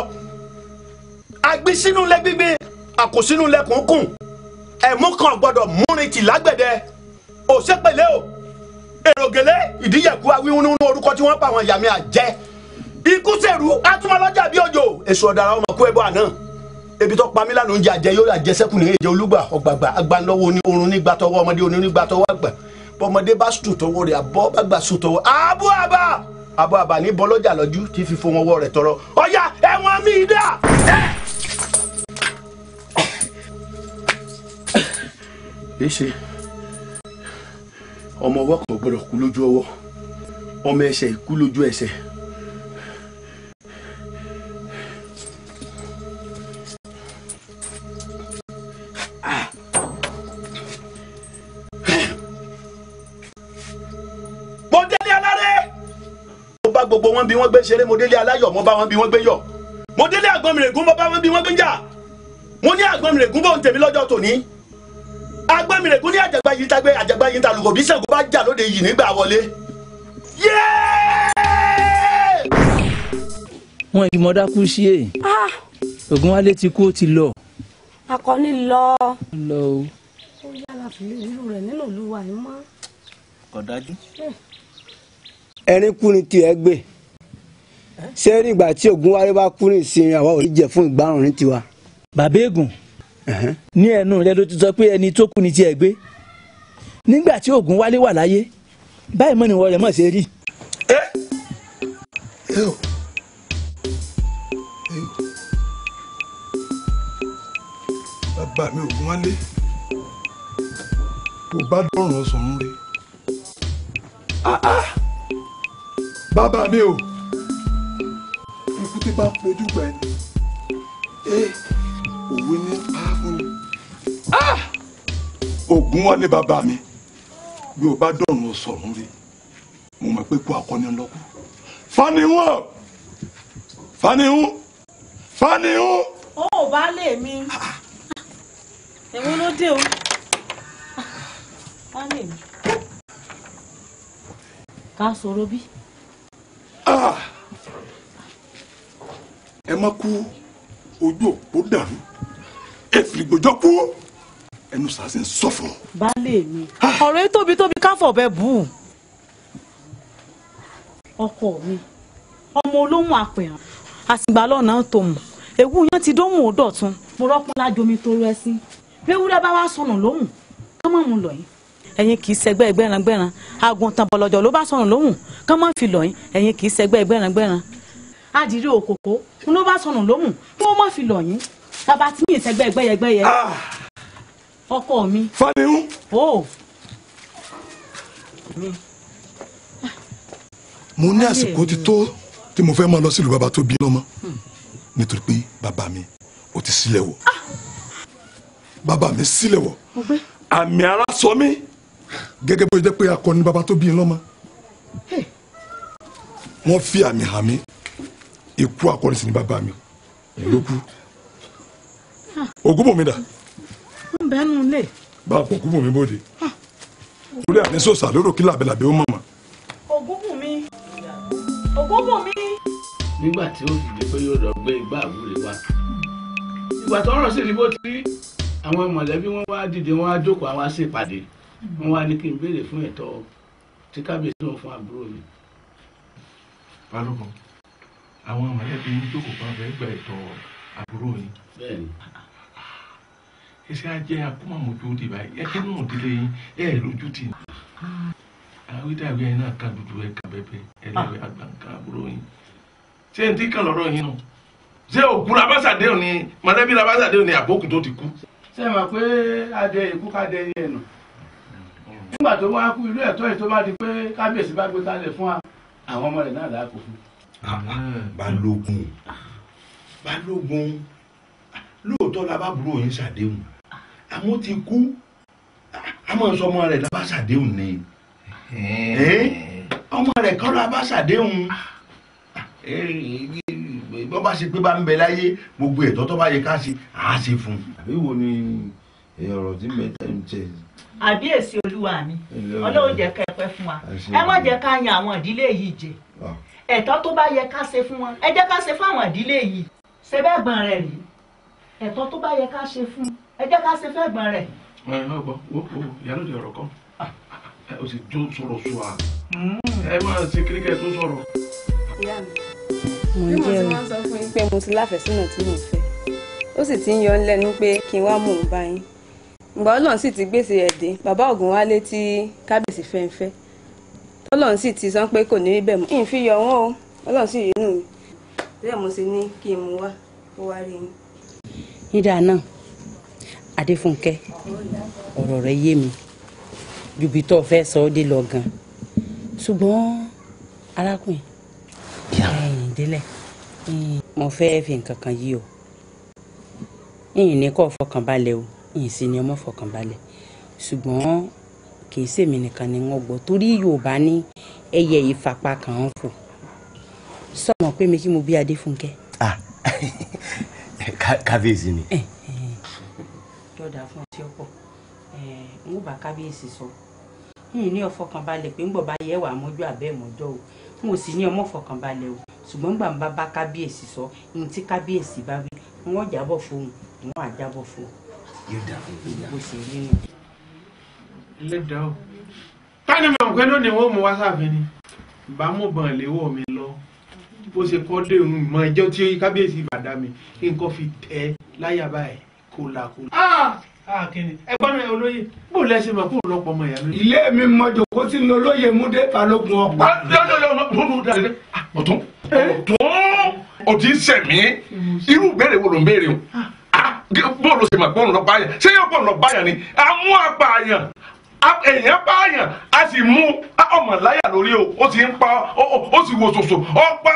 agbésínú lẹ gbígbé àkòsínú lẹkùn kùn ẹ̀mú kan gbọ́dọ̀ múrin tì lágbẹ̀dẹ òṣèpẹ̀lẹ́ o èrògèlè ìdíyẹ̀kú awíwúnú orúkọ tí wọ́n pa àwọn ìyá àjẹ́ ikú atúmọ̀lọ́jà bí òjò èso ọ̀daràn ọmọ kú ẹbọ àná ebi tó pa lánàá oúnjẹ àjẹ yóò àjẹsẹ́kù ní èjẹ olúgbà ọgbàgbà agbanlọ́wọ́ ní orun nígbà tọwọ́ ọmọdé oní nígbà tọwọ́ àgbà bọmọdé bá sùn tọwọ́ rẹ̀ abọ́ bá gbà sùn tọwọ́ abọ́ àbá abọ́ àbá ní bọ́lọ́jà lọ́jú tí fífo wọn wọ́ rẹ̀ tọrọ ọ̀yà ẹ̀wọ̀n mi dà. ẹ ṣe ọmọ ọwọ́ kan gbọ́dọ̀ kú lójú ọwọ́ ọmọ ẹsẹ̀ ikú lójú ẹsẹ̀. mo délé aláré mo bá gbogbo wọn bí wọn gbé ṣeré mo aláyọ̀ mo bá wọn bí wọn gbé yọ̀ mo délé àgbọnmìrègún mo bá wọn bí wọn gbé jà mo ní àgbọnmìrègún bò ń tèmi lọ́jọ́ tòní agbẹ́mìrègún ní àjàgbá yìí tágbé àjàgbá yìí tàlùkò bí Ṣàngó bá jà lóde yìí nígbà wọlé. wọn ìgbìmọ̀ dákú sí e ah! Ògúnwálé ti kú ó ti lọ. akọni lọ. lọ o. ó yára fi irú rẹ̀ nínú olúwa yìí mọ́. ọ̀dájú. ẹni kú ni tiẹ̀ gbé ṣé nígbà tí Ògúnwálé bá kú ní ìsinmi àwa ò ní jẹ fún ìgbárùn ní tiwa. bàbá ègùn ní ẹnu rẹ ló ti sọ pé ẹni tó kú ni tiẹ̀ gbé nígbà tí oògùn wálé wà láyé báyìí mọ́ ni wọ́n rẹ̀ mọ̀ ṣe rí. bàbá mi oògùn wálé tó bá dọ̀rùn ọ̀sán ń re ah, ah! bàbá mi o ikú tí bá ń fojú òwe ní pàápù ni ah! ògùn wọn ní bàbá mi bí o bá dọ̀rùn o sọ̀rùn rí mo mọ̀ pé kó akọni lọ́kù fanihun fanihun fanihun. ó ò bá lè mi ẹ̀wọ̀n ló dé o bá lè mi ká sọ̀rọ̀ bí. Ah! ẹ má kú ojú òpó dàrú èfìlìgbò jọ kú ẹnu sàásì ń sọ̀fọ̀. baálé mi ọ̀rọ̀ yìí tóbi tóbi káfọ̀ bẹ́ẹ̀ bù ú. ọkọ mi ọmọ olóhùn àpẹ̀rẹ̀ àtìgbà lọ́nà tó mọ̀ ewu yan ti dóhùn ó dọ̀tun mo rọ́pọ́n lájomi tó rẹ́ sí bẹ́wúrẹ́ bá wá sọnù lóhùn kán mọ̀ mu lọ́yìn ẹ̀yin kì í sẹgbẹ́ gbẹ̀rangbẹ̀ran àgùntàn bọ̀lọ̀jọ̀ ló bá sọnù lóhùn kán mọ̀ fi lọ́yìn ẹ̀yin kì í sẹgbẹ́ gbẹ̀rangbẹ̀ran adìrí òkòkò ló bá sọnù lóhùn kí wọ́n mọ̀ fi lọ́yìn bàbá tí mi ì sẹ́gbẹ́ gbẹ́yẹgbẹ́yẹ ah. ọkọ mi. fanihu. o. mo ní àsìkò ti tó tí mo fẹ́ máa lọ sílùú bàbá tó bí lọ́mọ hmm. nítorí pé bàbá mi ò ti sílẹ̀ wọ̀ ah. bàbá mi sílẹ̀ wọ̀ àmì ara sọ mí gẹ́gẹ́ bó ṣe jẹ́ pé akọni bàbá tó bí lọ́mọ wọ́n fi àmì hàn mí ikú akọni sì ni bàbá mi ló kú. Hmm ògúnbùnmi dà. ń bẹ́ nu lè. bá a fọ ògúnbùnmi bóde. Ah. torí àní sòsà lérò kí làbẹ̀làbẹ̀ ó mọ̀ mọ̀. ògúnbùnmi ògúnbùnmi. nígbà tí ó dìde pé yóò lọ gbé igbá àwúre wa ìgbà tó rọ̀ sí ni bó ti rí àwọn mọ̀lẹ́bí wọn wá dìde wọn wá jókòó àwọn aṣèpàdé wọn wá ní kí n béèrè fún ẹ̀tọ́ tí kábíyèsí wọn fún àbúrò mi. balógun àwọn mọ̀lẹ́bí ń jókòó pàfẹ́ gba ẹ̀tọ́ àbúrò yìí. bẹ́ẹ̀ni ẹsẹ ajẹ akọmọmọjú ti báyìí ẹkẹ náà délé yín ẹ lójú tì ní. àwítàwí ẹ náà ká dúdú ẹ ká bẹbẹ ẹ lẹwẹ àgbàǹkà àbúrò yín. ṣé n ti kàn lọ́rọ̀ yín nù. ṣé òkú labásàdé òní mọ̀lẹ́bí labásàdé òní àbókù tó ti kú. ṣé mà pé adé ikú ká dé yẹn nù. nígbà tó wá kú ilé ẹ̀tọ́ yìí tó bá di pé kábíyèsí bá gbé kalẹ̀ fún wa àwọn ọmọ rẹ̀ náà là á kó fún. balógun balógun lóòótọ́ la bá burú òyìn ṣàdéhùn àmọ́ ti kú àmọ́ sọ ọmọ rẹ̀ lábàṣàdéhùn ni ọmọ rẹ̀ kọ́ lábàṣàdéhùn bọ́ bá ṣe pé bá ń bẹ láyé gbogbo ẹ̀tọ́ tó bá yẹ ká ṣe á ṣe fún un. àbí wo ni ọ̀rọ̀ tí mẹ́ta ń tẹ̀. àbí èsì olúwa mi ọlọ́run jẹ́ ká ẹ pẹ́ fún wa ẹ má jẹ́ ká yan àwọn ìdílé yìí jẹ ah. ẹ̀tọ́ tó bá yẹ ká ṣe fún wọn ẹ jẹ́ ká ṣe fún àwọn ìdílé yìí ṣe bẹ́ẹ̀ gbọ́n rẹ̀ rèé ẹ̀tọ́ tó bá yẹ ká ṣe fún ẹ jẹ́ ká ṣe fẹ́ gbọ́n rẹ̀. ẹ náà gbọ́ wo wo ìyálòdì ọ̀rọ̀ kan o ah, ah, sì jó sọ̀rọ̀ sùn à hmm. ẹ máa ṣe kíríkẹ́ tó sọ̀rọ̀. ìyá mi mo jẹ́ o pé mo ti láfẹ̀sínà tí mo fẹ́ ó sì ti ń yọ lẹ́nu pé kí n wá mò ń bá yín ìgbà ọlọ́run sì ti gbèsè ẹ̀ dé bàbá Ògúnwálé tí kábíyèsí fẹ́ńfẹ́ ọlọ́run sì ti sọ pé kò ní rí bẹ́ẹ̀ mọ́ kí n fi yọ wọ́n o ọlọ́run sì yínú mi bẹ́ẹ̀ mo ṣe ní kí n mú wá kó wá rí yín nídàá náà adéfúnkẹ́ ọ̀rọ̀ rẹ yé mi jùbí tó fẹ́ sọ ọ́ dé lọ gan ṣùgbọ́n arákùnrin ẹ̀yìn délẹ̀ mo fẹ́ fi nǹkan kan yí o ìyìn ní kọ́ fọkànbalẹ̀ o ìyìn sì ni ọmọ fọkànbalẹ̀ ṣùgbọ́n kì í ṣèmi nìkan ni wọ́n gbọ́ torí yorùbá ní ẹyẹ ìfapá kan fò sọmọ pé mi kí mo bí adéfúnkẹ́ kábíyèsí ni. Eh, eh. yọ̀dà fún ọtí ọkọ̀ eh, n ó bá kábíyèsí sọ yìnyín ní ọ̀fọ̀kànbalẹ̀ pé ń bọ̀ bá yẹ wà á mọ́jọ́ o n ò sì ní ọmọ ọ̀fọ̀kànbalẹ̀ o ṣùgbọ́n gbà ń bá bá kábíyèsí sọ ohun tí kábíyèsí bá wí wọ́n jábọ̀ fóun wọ́n á jábọ̀ fóun. yọ̀dà fún yọ̀dà bó ṣe rí nù. ẹlẹ́dàá o táyà ní mọ̀ pé lónìí wọ́n mú wá sáfin ni ìbámu bọ̀n léwọ́ mi lọ bó ṣe kọ́ dé òun mọ ẹjọ́ tí kábíyèsí bàdá mi kí n kọ́ fi tẹ́ láyà báyìí kó la kó la. Ah! Ah, ẹgbọ́n mi olóye bó lẹ́sẹ̀ mọ̀ kó lọ́pọ̀ ọmọ ìyá mi. ilé mi mọ̀jọ kó sì ń olóye múdé balógun ọ̀pá. ọ̀tún ọ̀tún sẹ̀mí irú ìbéèrè wo ló ń béèrè o bóòlù sì mà gbóòlù lọ báyà ṣé yóò gbóòlù lọ báyà ni àwọn àgbà àyàn èèyàn pààyàn a sì mú ọmọ láyà lórí o ó sì ń pa ó sì wò sòsò ó pa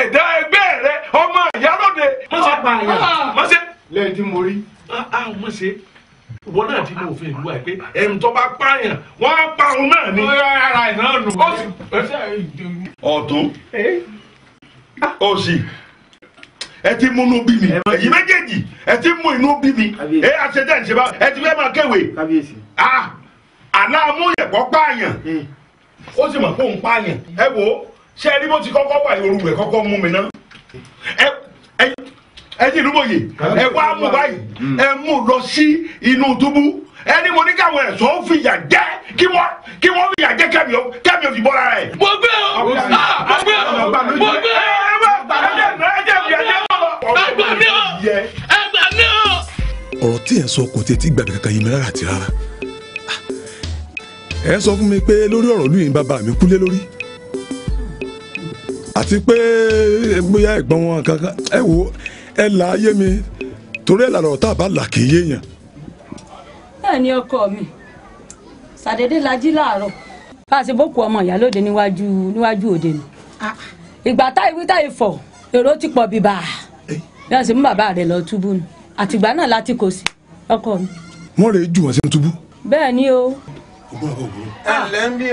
ẹ̀dá ẹgbẹ́ rẹ ọmọ ìyálòde. wọ́n ṣe pààyàn wọ́n ṣe. lẹ́yìn tí mo rí. wọ́n ṣe wọ́n náà ti mú òfin ìlú wa pé ẹ̀mí tó bá pààyàn wọ́n á pa òun náà ni. ara ẹ̀ náà nù. ọ̀tún òsì ẹ ti mú inú bí mi èyí méjèèjì ẹ ti mú inú bí mi ẹ àṣetẹ̀ ìṣèbá ẹ ti fẹ́ máa kéwèé. kábíyèsí. Ah! aláàmúyẹ̀gbọ́ pààyàn hmm. ó sì mọ̀ pé òun pààyàn ẹ wò ó ṣé ẹ rí bó ti kọ́kọ́ wà ìrù rẹ̀ kọ́kọ́ mú mi ná ẹyin ìlú bòye ẹ wá mú báyìí ẹ mú lọ sí inú túbú ẹni mo ní káwọn ẹ̀sọ́ ó fìyà jẹ kí wọ́n kí wọ́n fìyà jẹ kẹ́mi ó kẹ́mi ó fi bọ́ra rẹ̀. mo gbé o ah, mo gbé o mo gbé o. ẹ gbà mí o ẹ gbà mí o. ọ̀rọ̀ tí ẹ̀ ń sọ kò tètè gbàgbé kankan yìí mi rárá àti rárá ẹ sọ fún mi pé lórí ọ̀rọ̀ lóyè ń bàbá mi kúlé lórí àti pé eh, bóyá ẹ̀gbọ́n wọn kankan ẹ wo ẹ là á yé mi torí ẹ là lọ́rọ̀ tá a bá là kì í yéèyàn. bẹ́ẹ̀ ni ọkọ mi ṣàdédé la jí láàárọ̀ bá a ṣe bó kú ọmọ ìyálóde níwájú níwájú òde ni ah, ìgbà táyì wí táyì fọ̀ èrò ti pọ̀ bíbá bí wọ́n ṣe mú bàbá rẹ̀ lọ túbú nu àtìgbà náà láti kò sí ọkọ mi. wọ́n rè é jù wọ́n sínú túbú. bẹ́ẹ̀ ni o ògùn ẹ ǹlẹ́ ń bí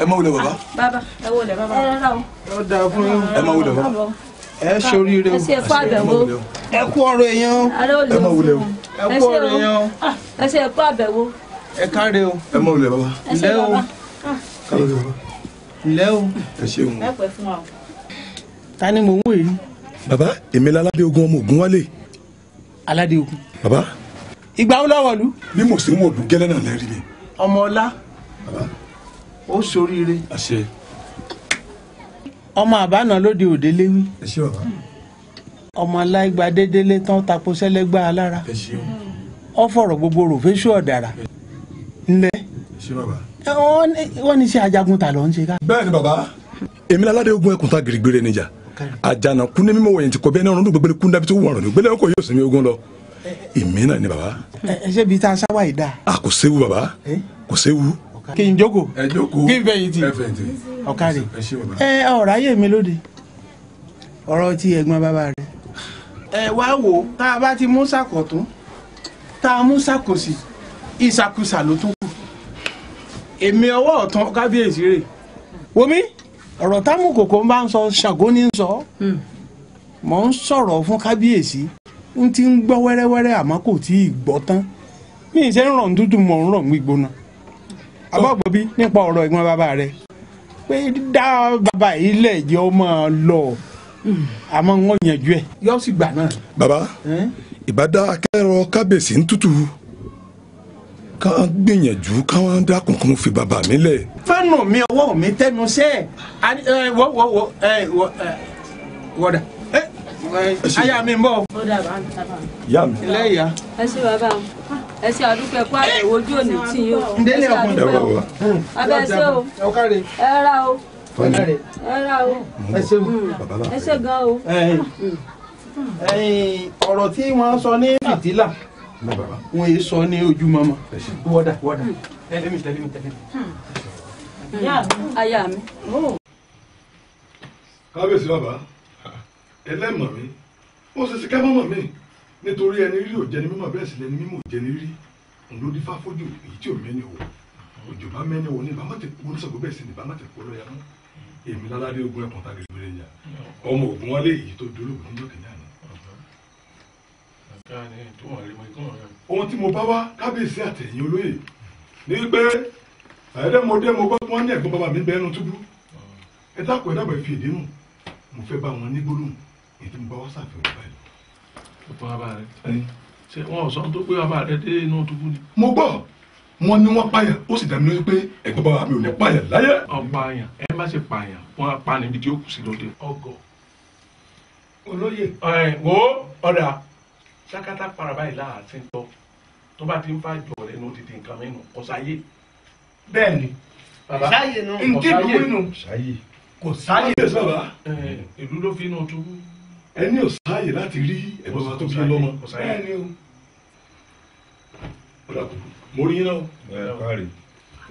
ẹ má wulẹ̀ ah, bàbá. ẹ wulẹ̀ bàbá. o. ẹ kú ọ̀rọ̀ èèyàn ẹ má wulẹ̀ o. ẹ kú ọ̀rọ̀ èèyàn ẹ ṣe ah, ẹkú àbẹ̀wò. ẹ káre o. ẹ má wulẹ̀ bàbá. ǹlẹ́ o. Ah. ǹlẹ́ o. ẹ ṣeun. o. ta ni mò ń wò yìí. bàbá èmi lálàbí ogun ọmọ ogun wálé. aládé ogun. bàbá. ìgbà wo lọ wọ̀lú. bí mo sì ń wọ̀lú gẹ́lẹ́ náà lẹ́rìí ọmọ ọlá ó ṣoríire ọmọ àbánà lóde òde léwí ọmọ aláìgbà dédélé tán tapo sẹlẹgbà alára ọ fọ̀rọ̀ gbogbo rò fẹsù ọdàrà ńlẹ wọn ní ṣe ajagun ta ló ń ṣe ká. bẹ́ẹ̀ ni bàbá èmi aládé ogun ẹkùn ta gírígbére níjà àjànà kú ní mímọ wọ̀nyí ti kọ bẹ́ẹ̀ ní ọrùn gbẹgbẹrẹ kú dábí tó wọrùn gbẹlẹ ọkọ yóò sinmi ogun lọ èmi náà ni bàbá. ẹ ṣe bíi tá a ṣáwá yìí da a ah, kò séwu bàbá eh? kò séwu. kí n jókòó ẹ jókòó kí n fẹ̀yìntì ọ̀kadì ẹ ọ̀rọ̀ ayé mi lóde ọ̀rọ̀ ti ẹ̀gbọ́n bàbá rẹ̀. ẹ wá wo tá a bá ti mú sàkọ̀tún tá a mú sàkòsì ìsàkùsà ló tún kù èmi ọwọ́ ọ̀tún kábíyèsí rè wọ́mi ọ̀rọ̀ táwọn kòkó ń bá ń sọ ṣàgó ní ń sọ mọ̀ hmm. ń sọ̀rọ̀ fún kábíyèsí ń ti ń gbọ́ wẹ́rẹ́wẹ́rẹ́ àmọ́ kò tí ì gbọ́ tán mi ìṣe ń rọ̀n dúdú mọ̀ ń rọ̀n gbígbóná abágbó oh. bí nípa ọ̀rọ̀ ẹ̀gbọ́n bàbá rẹ pé dá bàbá yìí lẹ̀ jẹ́ ọ máa lọ àmọ́ wọ́n yànjú ẹ̀ yọ́ sì gbà náà. bàbá ìbádá akẹ́rọ kábíyèsí ń tutù ká gbìyànjú káwọn dákun kan fi bàbá mi lẹ̀. fẹ́nu mi ọwọ́ mi tẹnu sẹ́ẹ̀ wọ́dà aya mi ń bọ̀. ìyá mi. ilé ìyá. ẹ ṣe bàbá mi ẹ ṣe àdúpẹ́ kó àyẹ̀wò ojú òní tì yín o. ndélé ọkùnrin ẹ wọ wa. abẹ ṣe o ẹ ra o ẹ ra mm. o ẹ o ẹ ṣe gan o. ọ̀rọ̀ tí wọ́n sọ ní fìtílà wọ́n yé sọ ní ojúmọ́mọ́. wọ́dà wọ́dà tẹ̀lé mi tẹ̀lé mi tẹ̀lé mi. aya mi. kábíyèsí bàbá ẹlẹ́mọ̀ mi ó ṣe sika mọ́mọ́ mi nítorí ẹni rí ò jẹni mímọ́ bẹ́ẹ̀ sì lẹni mímọ́ ò jẹni rí òun ló dífá fójú èyí tí ò mẹ́ni wò òjò bá mẹ́ni wò ní ìbámu ti kú oníṣègùn bẹ́ẹ̀ sì ní ìbámu ti kú lọ́yà mọ́ èmi láládé ogun ẹ̀kọ́ tá gbèrè yà ọmọ ògùn wọlé èyí tó dúró ògùn lókè náà ni. ohun tí mo bá wá kábíyèsí àtẹ̀yìn olóyè ní pé àyẹ̀dẹ́mọdé mo gbọ́ pé wọ́n ní ẹ̀gbọ́n bàbá mi bẹ́ẹ̀ nu túbú ẹ dákun ẹ dábàá fi ìdí nù mo fẹ́ bá wọn ní gbólóhùn ètò ń bá wọ́n ṣàfihàn báyìí. ó tọ́ bàbá rẹ̀ ṣé wọn sọ tó pé bàbá rẹ̀ dé inú túbú ni. mo gbọ́ wọn ní wọn pààyàn ó sì dá mi lójú pé ẹ̀gbọ́n bàbá mi ò ní pààyàn láyé. ọgbà àyàn ẹ má ṣe pààyàn wọn á pa níbi tí ó kù sí lóde. ọgọ olóye. ẹ wo ọ̀dà sakata paraba yìí láàfin tọ́ tó bá ti ń fa jọ rẹ̀ ní odidi nǹkan mẹ́nu kọ́sáyé. sáyé nù kọ́sáyé kò sáyé. kò sáyé sábà. fi inú túbú ẹni ò sáàyè láti rí ẹ̀gbọ́n tó bí lọ́mọ bẹ́ẹ̀ ni o ọ̀dà kù mo rí iná o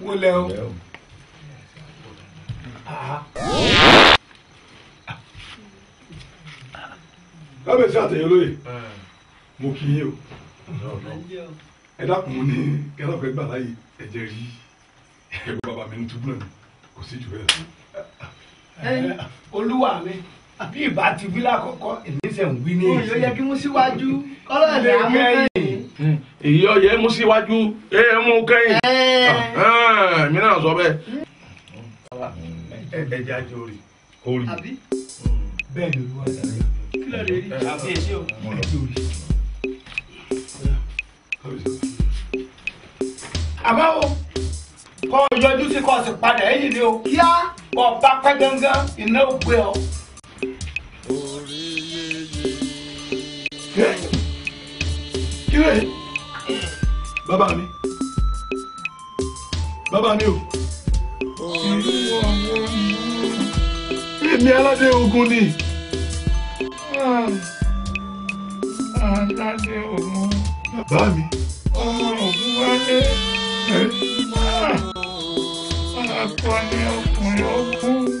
wọ́n lẹ́ o. lábẹ́ ah. sí àtẹ̀yẹ lóye mo kì í yín o ẹ dákun ní kẹlọ́pẹ́ gbà láyè ẹ̀jẹ̀ rí ẹ̀gbọ́n bàbá mi ní túbú náà kò sí jù bẹ́ẹ̀. olúwa mi bí ìbá ti wí lákọ̀ọ́kọ́ ìníṣẹ̀ ń wí ní èyí. òyò yẹ kí mú síwájú kọ́lọ́ọ̀dì àmú kẹ́yìn. èyí ọ̀yẹ́ mú síwájú ẹ ẹ mú kẹ́yìn. mi náà sọ bẹ́ẹ̀. ẹ jẹ́ àjò rè kó rí. bẹ́ẹ̀ ni olúwa sáré. kí ló dé rí àbí èsì o. àbáwo kọ́ ọ yọjú sí kọ́ ọ sì padà ẹ̀yìn ni o. kíá. bọ̀ bá pẹ́ gángan iná ò gbé ọ kílẹ̀ bàbá mi bàbá mi o èmi aládé ogun ni aládé ogun bàbá mi ọmọ ogun wálé akọni ọkùnrin ogun.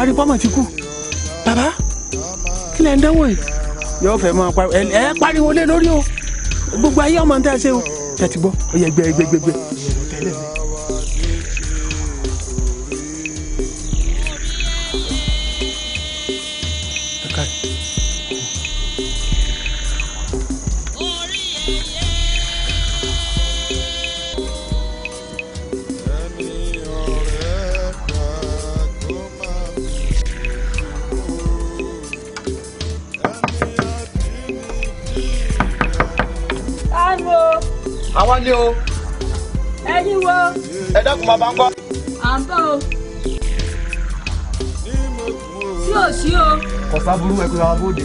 arìpọ́mọ̀ ti kú bàbá kí lẹ̀ ń dánwò yìí yóò fẹ́ mọ ẹ ẹ pariwo lé lórí o gbogbo ayé ọmọ ń tẹ́ ṣe o tẹ́tí gbọ́ ó yẹ gbẹgbẹgbẹ dé o. ẹyin wo. ẹ dákun bàbá ń kọ́. à ń bọ̀ o. sí ò sí o. kọ̀sá burú ẹ pé wàá bóde.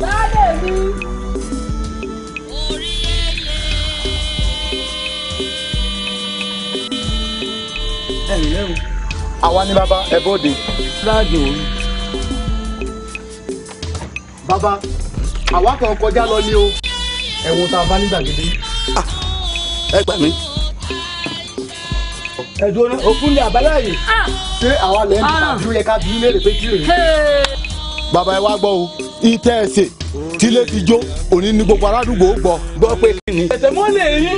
báyọ̀ mi. ẹ̀rẹ́ o. àwa ni bàbá ẹ bóde. fúláàgì òru. bàbá àwa kan kọjá lọ ní o ẹ̀wọ̀n tá a bá ní gbàgede. Ah, ẹ gbà mí. ẹ dúró náà òfin ni àbáláyé ah. ṣé àwa lè ń tàbí ah. yẹ ká bí ilé rẹ pé kí rè é. bàbá ẹ wá gbọ́ o ìtẹ́ ẹ̀sẹ̀ tílé ti jó òní ni gbogbo aládùúgbò gbọ́ gbọ́ pé kí ni. ẹ̀sẹ̀ mọ́ lè yí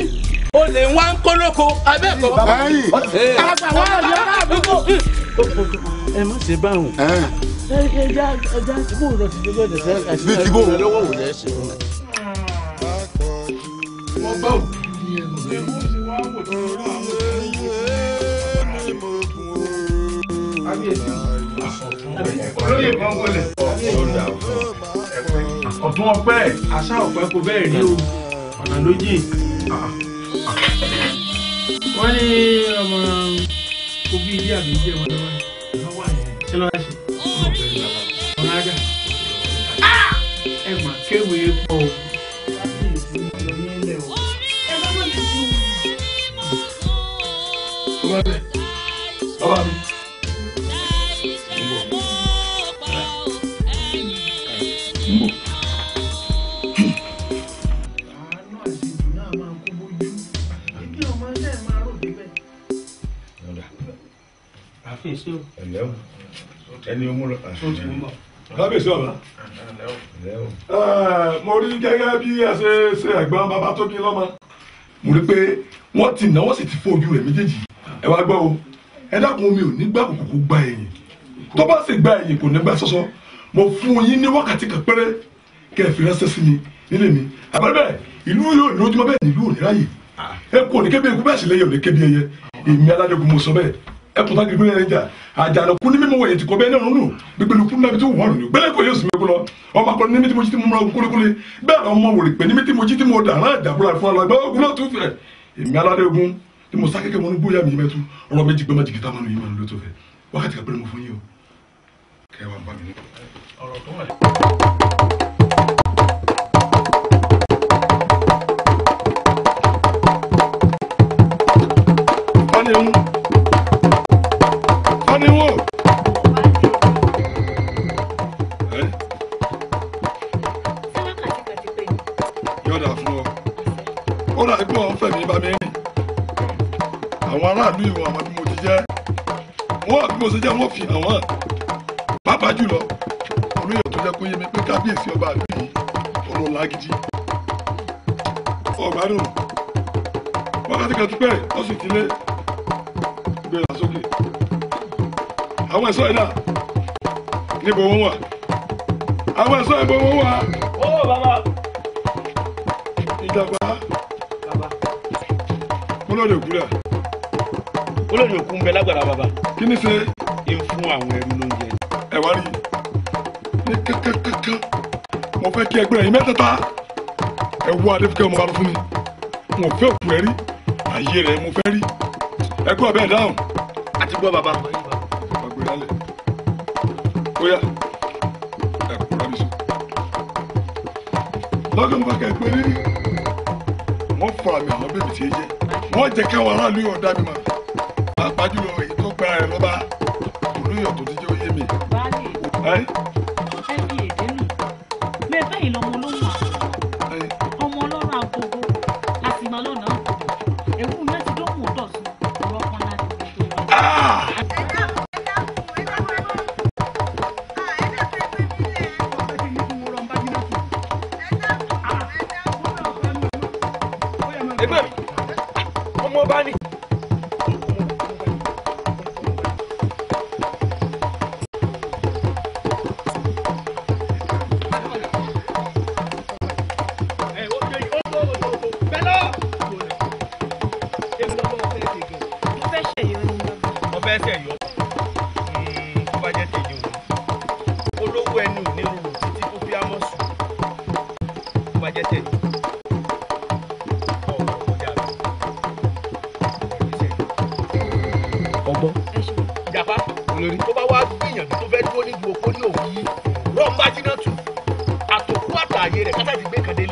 olè wá ń kó lóko abẹ́kọ̀ọ́. àgbà wà á yọ àdúgbò. ẹ má ṣe báwọn bí ti bò ń lọ́wọ́ wò lẹ́sẹ̀ ọba òkìkí ẹnu rẹ. olóyè kan wọlé. ọ̀tún ọpẹ́ àṣà ọpẹ́ kò bẹ́ẹ̀ rí o ọ̀nà ló jìn. wọ́n ní ọmọ òbí ilé àbí jẹ́ wọn lọ́wọ́ ṣé lọ́wọ́ ṣe. ọ̀nà ajá ẹ̀ mà kéwèé pọ̀ o. lẹ̀ bàbá mi. ẹni o mú lọ. kábíyèsí ọba mo rí gẹ́gẹ́ bí ẹ ṣe ṣe ẹ̀gbọ́n bàbá tó bí lọ́mọ mo rí pé wọ́n ti náwó sì ti fọ́ ojú rẹ̀ méjèèjì ẹ wá gbọ́ o ẹ dákun omi ò ní gbà òkùnkùn gba ẹ̀yìn tó bá sì gba ẹ̀yìn kò ní gbà sọ́sọ́ mo fún yín ní wákàtí kan péré kẹ́ ẹ fi ránṣẹ́ sí mi nílé mi àbẹ̀rẹ̀ bẹ́ẹ̀ ìlú yóò ní ojúmọ́ bẹ́ẹ̀ ni ìlú ò ní ráyè ẹ kò ní kébi ikú bẹ́ẹ̀ sì lẹ́yẹ ò ní kébi ẹyẹ èmi aládẹ́gun mo sọ bẹ́ẹ̀ ẹ kùtà gígbé ní ẹja àjànà kú ní mímú wẹ̀yìn tí kò bẹ́ẹ̀ ní ọ̀run nù gbẹgbẹ́lu kú náà bí tó wọ̀n nù gbẹ́lẹ́ kò yóò sùn mí kú lọ ọmọ akọni ní mi tí mo jí tí mo múra kúlékúlé bẹ́ẹ̀ ni ọmọ wòlípẹ́ ní mi tí mo jí tí mo dà rán ìdàbúrà fún ọ lọ ẹgbẹ́ náà tún fẹ́ èmi aládẹ́gun ni mo sá kékeré mo ní bóyá mi yí mẹ́tú ọ̀rọ̀ méjì gbẹ́mọ̀ jìgì tá mánu yí mánu ló tó fẹ́ wákàtí kan mo fún yín o kẹ́ ẹ wá ń bá mi ní. ọ̀rọ̀ tó wà lẹ́yìn. tó jẹ́ wọ́n fi hàn wọ́n pàápàá jùlọ olú èèyàn tó jẹ́ kó yé mi pé kábíyèsí ọba àlú yìí ọ̀rọ̀ làgídí ọ̀gbádùn wákàtí kan tún bẹ̀rẹ̀ ó sì ti lé gbéra sókè àwọn ẹ̀ṣọ́ ẹ̀dá níbo wọ́n wà àwọn ẹ̀ṣọ́ ẹ̀bọ wọ́n wà. ó bàbá. ìjàpá. bàbá. kúlọ̀ lè kúlẹ̀. kúlọ̀ lè kú ń bẹ lágbára bàbá. kí ni ṣe fún àwọn ẹrú lóúnjẹ. ẹ wá rí i ní kankankankan mo fẹ́ kí ẹgbẹ́ yìí mẹ́tẹ̀ẹ̀ta ẹ wọ adéfúkẹ́ ọmọ balùwẹ̀ fún mi mo fẹ́ òkú ẹ rí ayé rẹ mo fẹ́ rí ẹ gbọ́ bẹ́ẹ̀ dáhùn. àti gbọ́ bàbá. bàbá gbé lálẹ́ bóyá ẹ kúra mi sùn. lọ́dún bá kẹ́ ẹ gbé rí wọ́n fara mi àwọn bébí tí ẹ jẹ́ wọ́n jẹ́ káwọn aráàlú yóò dá mi mọ́ àgbájú lọ. Bye. gbajúmọ̀ tù àtòkù àtàyè rẹ̀ pátá kàdé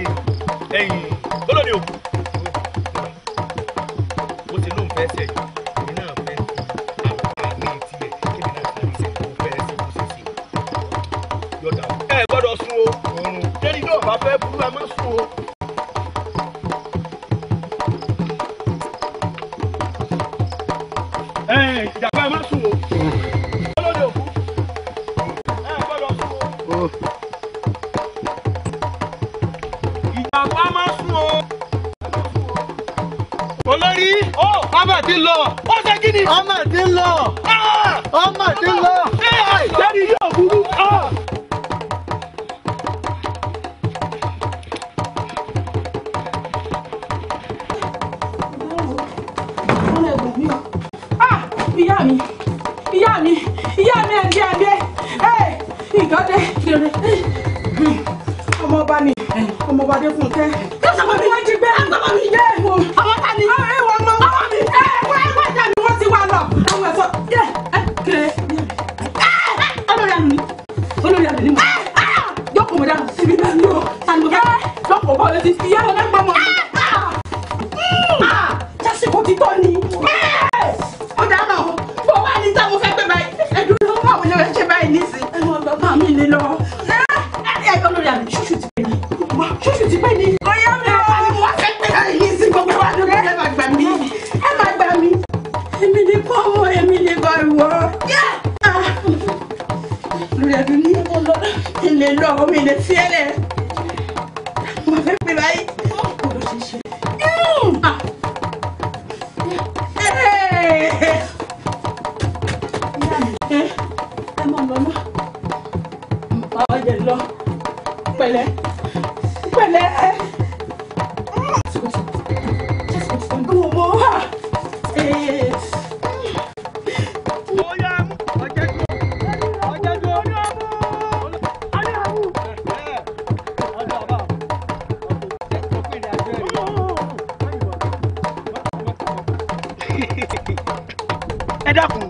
ẹ dákun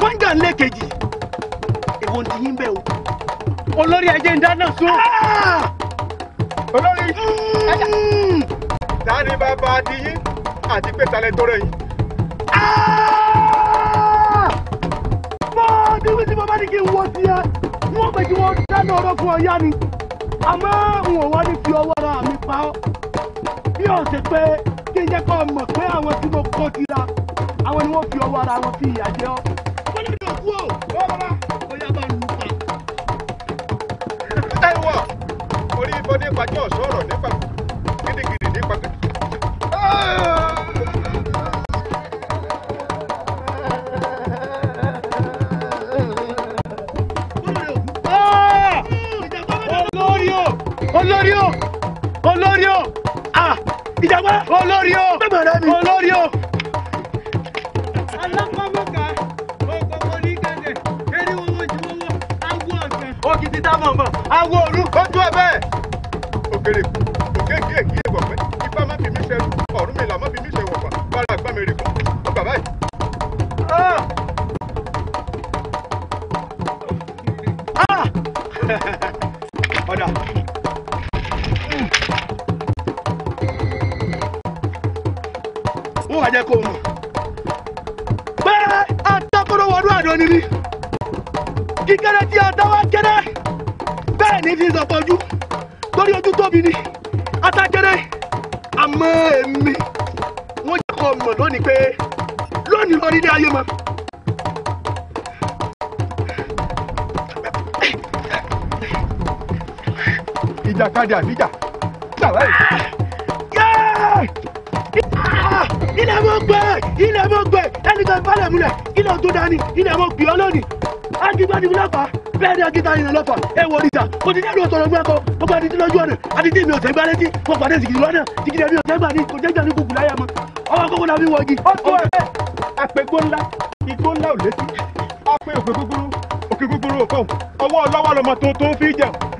wọ́n jà ń lé kejì èwo ti yín bẹ́ẹ̀ o olórí ẹjẹ ń dáná sún. olórí ẹjẹ dání bàbá adiyín àti pétalẹ tó rẹ yìí. bọ́ọ̀dù wí sí bàbá ní kí n wọ sí ẹ wọ́n bẹ̀ kí wọ́n dáná ọ̀rọ̀ fún ọ yá ni àmọ́ n ò wá ní fi ọwọ́ ra mi pa ọ́ bí ọ̀sẹ̀ pé kí n jẹ́ kó mọ̀ pé àwọn tí mo kọ́ ti ra wọn fi ọwọ́ ara wọn fi ìyà jẹ ọ́. ọ̀kadà àbíjà ṣàlá yìí. ilẹ̀ mọ̀ gbẹ ilẹ̀ mọ̀ gbẹ ẹnìkan balẹ̀ múlẹ̀ kílọ̀ tó dání ilẹ̀ mọ̀ gbì ọ́ lónìí. agbègbè ni mo lọ́pàá bẹ́ẹ̀ ni akíta yìí lọ́pàá ẹ wọ níta mo ti dẹ́nu ọ̀tọ̀ lọ́gbọ́n kan mo gba títí lọ́jọ́ ọ̀nà àti tí mi ò tẹ́gbà létí mo pàdé sìkìrì lọ́nà sìkìrì mi ò tẹ́gbà ní kò jẹ́jà ní kùkù láyà mọ́ ọwọ́ kókó la fi wọ́gi. ọkọ ẹ àpègbó ńlá igbó ńlá ò létí àpè òkè gbogbo òkè gbogbo òkò ọwọ́ ọlọ́wọ́ lọmọ tó tó ń fi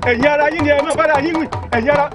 ẹ̀yin ara yín ni ẹ máa bára yín wí ẹ̀yin ara.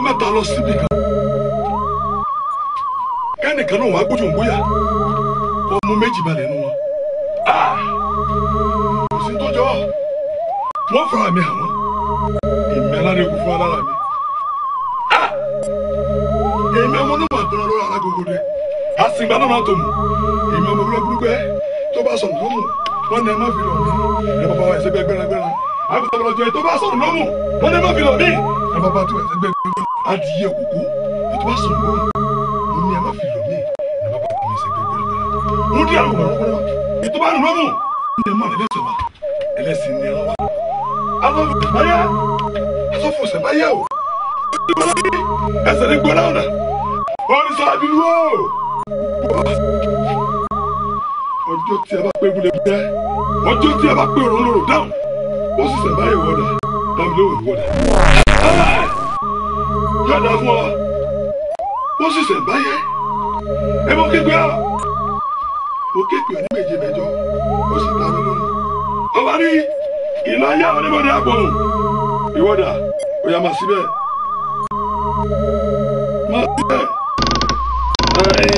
ọjọ́ mẹ́ta lọ síbi kan kẹ́nìkan náà wàá gbójú òǹgbóyà kó mú méjì balẹ̀ nu wọn ah! kò sí tó jọ wọ́n fara mi hàn wọ́n èmi alára ikú fún alára mi ah! èmi ọmọ onímọ̀ àtọ́nà lórí alágogo dẹ àsìgbà náà máa tó mu èmi ọmọ ìwúrọ̀ burúkú ẹ tó bá sọ̀rọ̀ tó mu wọn ní ẹ má fi lọ mí ẹ bàbá wa ẹsẹ bẹ gbẹrẹ gbẹrẹ àgùntàn lọ́jọ́ ẹ tó bá sọ̀rọ̀ lọ́mù wọn ní ẹ má fi lọ mí ẹ bàbá tó ẹsẹ bẹ gbẹrẹ adìyẹ kúkú ètò bá sọ wọn mo ní ẹ má fi lò mí ẹ má bàa kún ẹsẹ̀ gbẹgbẹrẹ gbẹrẹ mo di àwọn ọmọ ọmọ ètò bá nù lọ́mù ẹ má lẹ́sẹ̀ wa ẹlẹ́sìn ni ẹ lọ́wọ́ àwọn ìbáyà asọ́fọ̀sẹ̀ báyà o ẹsẹ̀ ní gbọ́dọ̀ ọ̀nà ọ̀rìṣà àbílú o ọjọ́ tí a bá pé wúlẹ́wúlẹ́ ọjọ́ tí a bá pé òrùn lòrò dáhùn ó sì sẹ̀ báyìí wọ́dà dáhùn lóhùn wọ́dà ọ̀kadà fún ọ ó sì ṣẹ̀ báyẹ́ ẹ mọ kékeré ọ mo kékeré ní méje mẹ́jọ ó sì dá mi lóhùn ọba ní iná yá onímọ̀dé àgbọ̀n ìwọ́dà ó yà máa síbẹ̀ máa síbẹ̀ ẹ̀ ẹ̀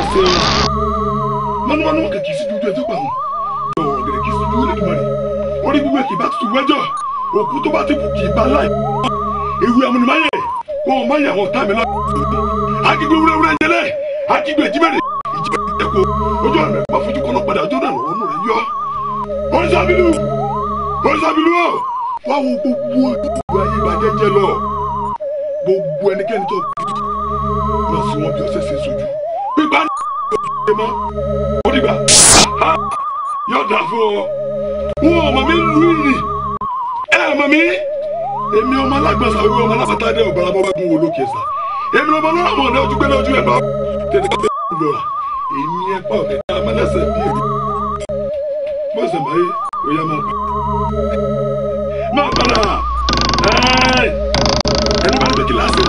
ọ̀sẹ̀ ọ̀sẹ̀ mọ́nùmọ́nù kẹ̀kẹ́ sí dúdú ẹjọ́ pa wọn ọ̀gẹ̀dẹ̀ kìí sí dúdú lẹ́kìmọ́ni orí gbogbo ẹ̀kẹ́ bá tutù wẹ́jọ́ òkú tó bá ti kù kì í bá láì. ewu amúnimáyè wọn ò máyà wọn tàmí lọ. akígbe wúrẹ́wúrẹ́ yẹlẹ́ akígbe ìjímẹ̀rẹ̀ ìjímẹ̀rẹ̀ ẹ̀kọ́ ojú ọ̀nà ẹ̀kọ́ fojú kọ́nà padà tó dànù wọn nù rẹ̀ yọ. bọ́ńsàbílù bọ́ńsàbílù o wá wo gbogbo ìgbà ayé ìbàjẹ́ jẹ lọ gbogbo ẹnikẹ́ni tó lọ sí wọn bí ọ̀sẹ̀ ṣe sojú pípa ní ọ̀sẹ̀ mọ́ ó dìgbà yọ̀ọ̀dà fún ọ wọn ò mọ̀ mí lù ú nì mọ̀ mí èmi ọmọ alágbèsà wíwọ ọmọ alágbàtà dé ọgbàrá bọ́ bá gun wò lókè sà èmi ọmọ ọlọ́run ọ̀dẹ ojú gbẹ́dẹ́ ojú ẹ̀ bá tètè bá tẹ̀sán lọ́ra èmi ẹ̀ pa ọ̀kẹ́ ká amálẹ̀sẹ̀ bí èmi mọ̀ sẹ̀ báyé ó yá máa bá máa bára ẹni bá lókè láti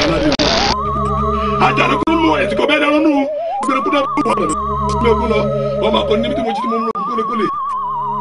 ẹ̀ láti ẹ̀ ajáde kúrò lọ ẹ̀ tí kò bẹ́ẹ̀ nù gbẹ̀rẹ̀ kúrò ọmọ akọni níbi tí mo jí tí mo ń lọ kúrò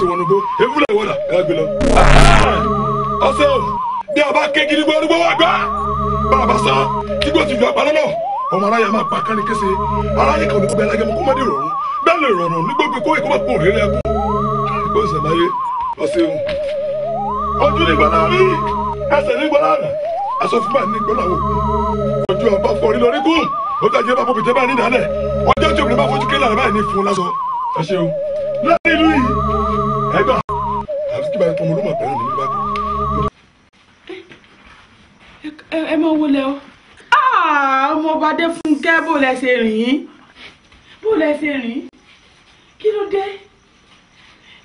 sí wọn nugbó ewúrẹ́ ìwọ́dà ẹ gbé lọ. ọsẹ o bí a bá ké gidigbó arúgbó wa gbá bàbá sọ kígbó ti ju àgbàlọ́ náà ọmọ aráyà máa pa kánni kése aráyà kan nígbà ẹlẹgẹ mọ kó má dé rọrùn bẹ́ẹ̀ lè rọrùn nígbàgbé kó ikú bá pọ̀ rẹ̀ lẹ́kùn. ó sì máyé ọsẹ o ojú nígbà náà rí ẹsẹ̀ nígbà náà rà aṣọ fún báyìí nígbà náà wò ojú ọba fọrí lọ rí gùn ó dájú ẹ bá bọ̀ bìjẹ́ báyìí nídàálẹ̀ ọjọ́ tí obìnrin bá fojú kéńdà rẹ̀ báyìí ní fún lásán ọsẹ o láti ìl ẹgbà àfi kí báyìí ọmọdún máa bẹ̀rẹ̀ nínú báàgì. ẹ mọ wọlé o ah, ọmọ ọba dé fúnkẹ́ bó lẹ ṣe rìn yín bó lẹ ṣe rìn kí ló dé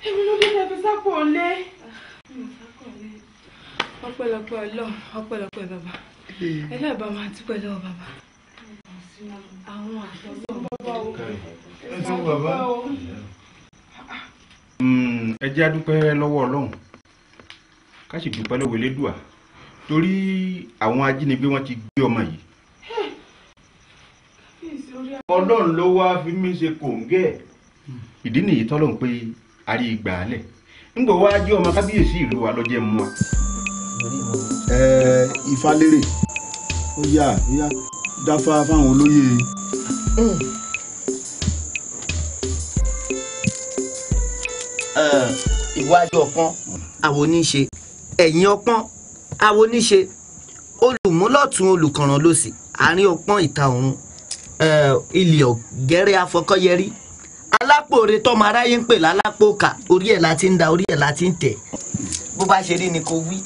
èmi ló dé lẹ fi sápò lé. ọpẹ́lọpẹ́ Ọlọ́run ọpẹ́lọpẹ́ bàbá ẹlẹ́ẹ̀bá máa dúpẹ́ lọ́wọ́ bàbá àwọn àtọ́gbọ́n bàbá o ẹ bàbá Hmm, ẹ jẹ́ àdúpẹ́ lọ́wọ́ ọlọ́run ká sì dúpẹ́ lọ́wọ́ elédùà torí àwọn ajínigbé wọn ti gbé ọmọ yìí. ọlọ́run ló wá fi mí ṣe kòǹgẹ́ ìdí nìyí tọ́lọ́run pé a rí ìgbà alẹ̀ ńgbọ̀ wá jẹ́ ọmọ kábíyèsí ìlú wa lọ́jẹ́ mu wa. ẹ Ifálérè ó yá ó yá dáfá fáwọn olóyè. ìwájú eh, ọpọ́n àwọn oníṣe ẹ̀yìn ọpọ́n àwọn oníṣe olùmúlọ̀tún olùkànràn lòsì àárín ọpọ́n ìta ọ̀run eh, ilẹ̀ ọ̀gẹ́rẹ́ afọkọ́yẹrí alápòore tọmọ aráyé ń pè lálápòkà orí ẹ̀ la ti ń da orí ẹ̀ la ti ń tẹ̀ bó bá ṣe rí ni kò wí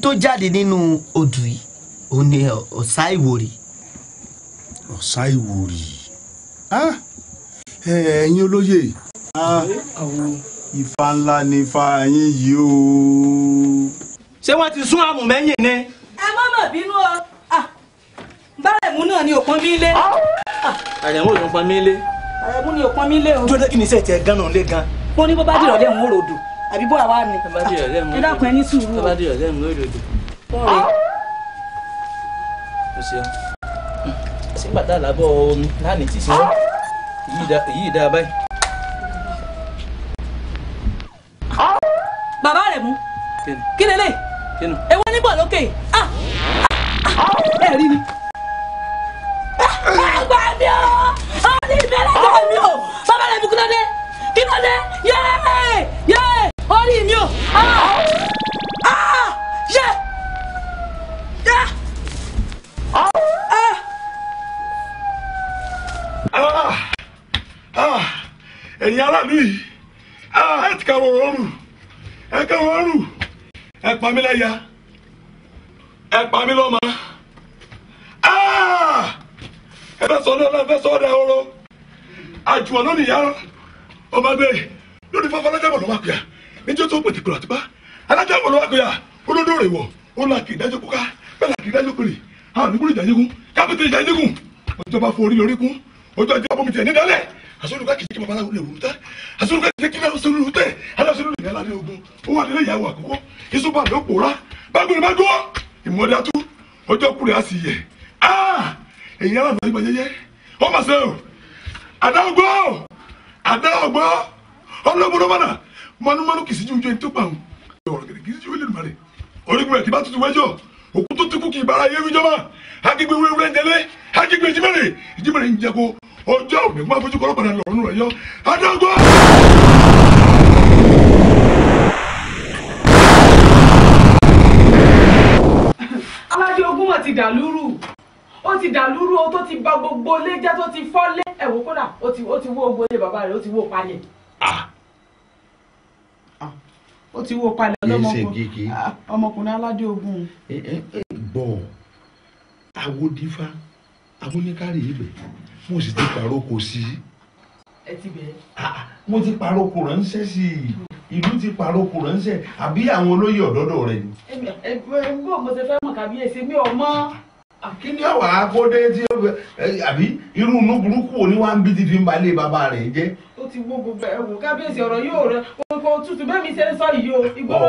tó jáde nínú odù yìí òun ni ọ̀sá ìwòrì. ọ̀sá ìwòrì ẹ̀yin olóyè ifá ńlá ni ifá yín yìí o. ṣé wọ́n ti sún àmùmẹ́yìn ni. ẹ má mà bínú o bárẹ̀mú náà ni òpọn mi lé. àrẹ̀mú ò mi lé. àrẹ̀mú ni òpọn mi lé o. jọ́dọ̀ kí ni iṣẹ́ tiẹ̀ gan-an lé gan. mo ní bó bá dìrọ̀lẹ́ òun ó ròdù àbí bọ́ àwa ni ẹ dákun ẹ ní sùúrù o. tábàdì ọ̀lẹ́ mi lórí omi láàánú ti ṣe wọ́n dáa báyìí. lórí òjèké. Ah, ọmọkùnrin aládé ogun. bọ̀ awodífá awóníkárì ibẹ̀ mo sì ti pàrókò sí i. ẹ ti bẹ̀. Ah, ah, mo ti pàrókò ránṣẹ́ sí i ìlú ti pàrókò ránṣẹ́ àbí àwọn olóyè ọ̀dọ́dọ̀ rẹ ni. ẹ ẹ bó mo ti fẹ́ mọ̀ kábíyèsí mi ò mọ̀ kí ni ọwà akóde tí ó àbí irú inú burúkú òní wá ń bí ti fi ń balẹ̀ bàbá rẹ̀ jẹ́. ó ti wo gbogbo ẹ̀wò kábíyèsí ọ̀rọ̀ yóò rẹ gbogbo tútù bẹ́ẹ̀mi ṣe ń sọ yìí o ìgboro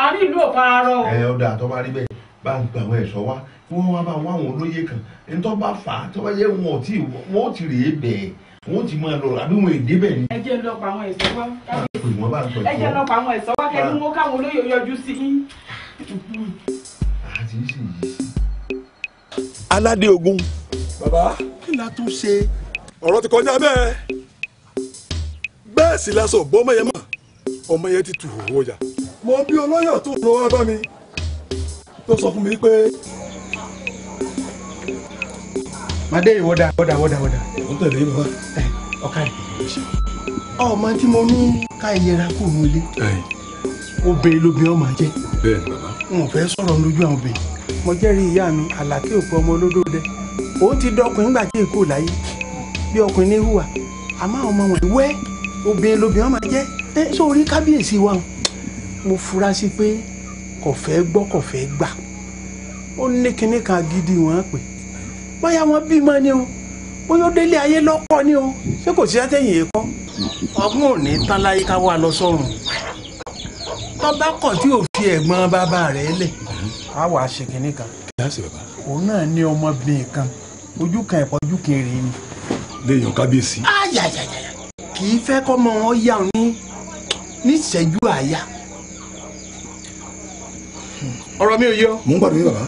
àárín ìlú ò ẹ ọ dà bá rí bẹ́ẹ̀ bá ń gbà àwọn ẹ̀ṣọ́ wá kí wọ́n wá bá wọn àwọn olóyè kan ní tó bá fà á tó bá yẹ wọn ò tí wọn ò tí rèé bẹ́ẹ̀ wọn ti máa lọ àbí wọn èdè bẹ́ẹ̀ ni. ẹ lọ pa àwọn ẹ̀sọ́ wá. ẹ jẹ́ lọ pa àwọn ẹ̀sọ́ wá kẹ́ni mú káwọn olóyè yọjú sí i. aládé ogun. bàbá kí la tún ṣe. ọ̀rọ̀ ti kọjá bẹ́ẹ̀ bẹ́ẹ̀ sì la sọ bọ́mọ yẹn mọ̀ ọmọ yẹn ti tù owó ọjà. mo bí olóyè tó rọ wá bá mi tó sọ fún mi pé. màdé ìwọ́dà wọ́dà wọ́dà wọ́dà. mo tẹ̀lé ìmọ̀ ọ̀ka rẹ̀. ọmọ tí mo ní ká yẹra kù mú ilé. obìnrin lóbìnrin ọmọ jẹ. bẹ́ẹ̀ ni bàbá. n ò fẹ́ sọ̀rọ̀ lójú àwọn obìnrin. mo jẹ́rìí ìyá mi àlàkí òkú ọmọ olódóde ó ti dọkùnrin gbà tí èkó láyé bí ọkùnrin ní hùwà àmọ́ àwọn ọmọ wọn ìwẹ́ obìnrin lóbìnrin ọmọ jẹ́ ẹ ṣé orí kábíyèsí wa mo fura sí pé kò fẹ́ gbọ́ kò fẹ́ gbà ó ní kinní kan gidi wọn pè bóyá wọn bímọ ni o bóyá délé ayé lọ́kọ́ ni o ṣé kò sí àtẹ̀yìn ẹ̀kọ́ ọgbọ́n ò ní tán láyé ká wà lọ sọ́run tọ́ba kọ̀ tí ò fi ẹ̀gbọ́n bàbá rẹ̀ lẹ̀ á wà á ṣe kinní kan òun náà ní ọmọbìnrin kan ojú kan ẹ̀kọ́ ojú kẹrin ni. léèyàn kábíyèsí. ayayaya kì í fẹ́ kọ́ mọ wọn yá ọ ní níṣẹ́jú àyà. ọ̀rọ̀ mi ò yọ. mò ń gbàdúrà yín bàbá.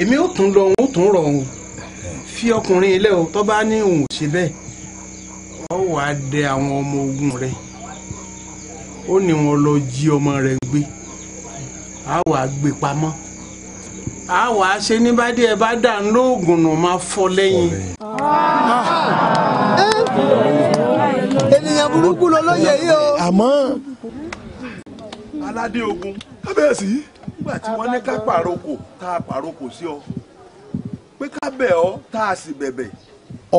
èmi ò tún lọ òun ò tún rọ òun fi ọkùnrin ilé o tó bá ní òun ṣe bẹ́ẹ̀ ọ wà á dẹ àwọn ọmọ ogun rẹ ó ní wọn lọ jí ọmọ rẹ gbé a wà á gbé pamọ́ a wà á ṣe ní bá dé bá dà ń lóògùn nù máa fọ́ lẹ́yìn. Oh ènìyàn burúkú ló lóye yìí o. àmọ́ aládé ogun kábíyèsí nígbà tí wọ́n ní ká pàrokò tá a pàrokò sí ọ pé ká bẹ̀ ọ́ tá a sì bẹ̀bẹ̀.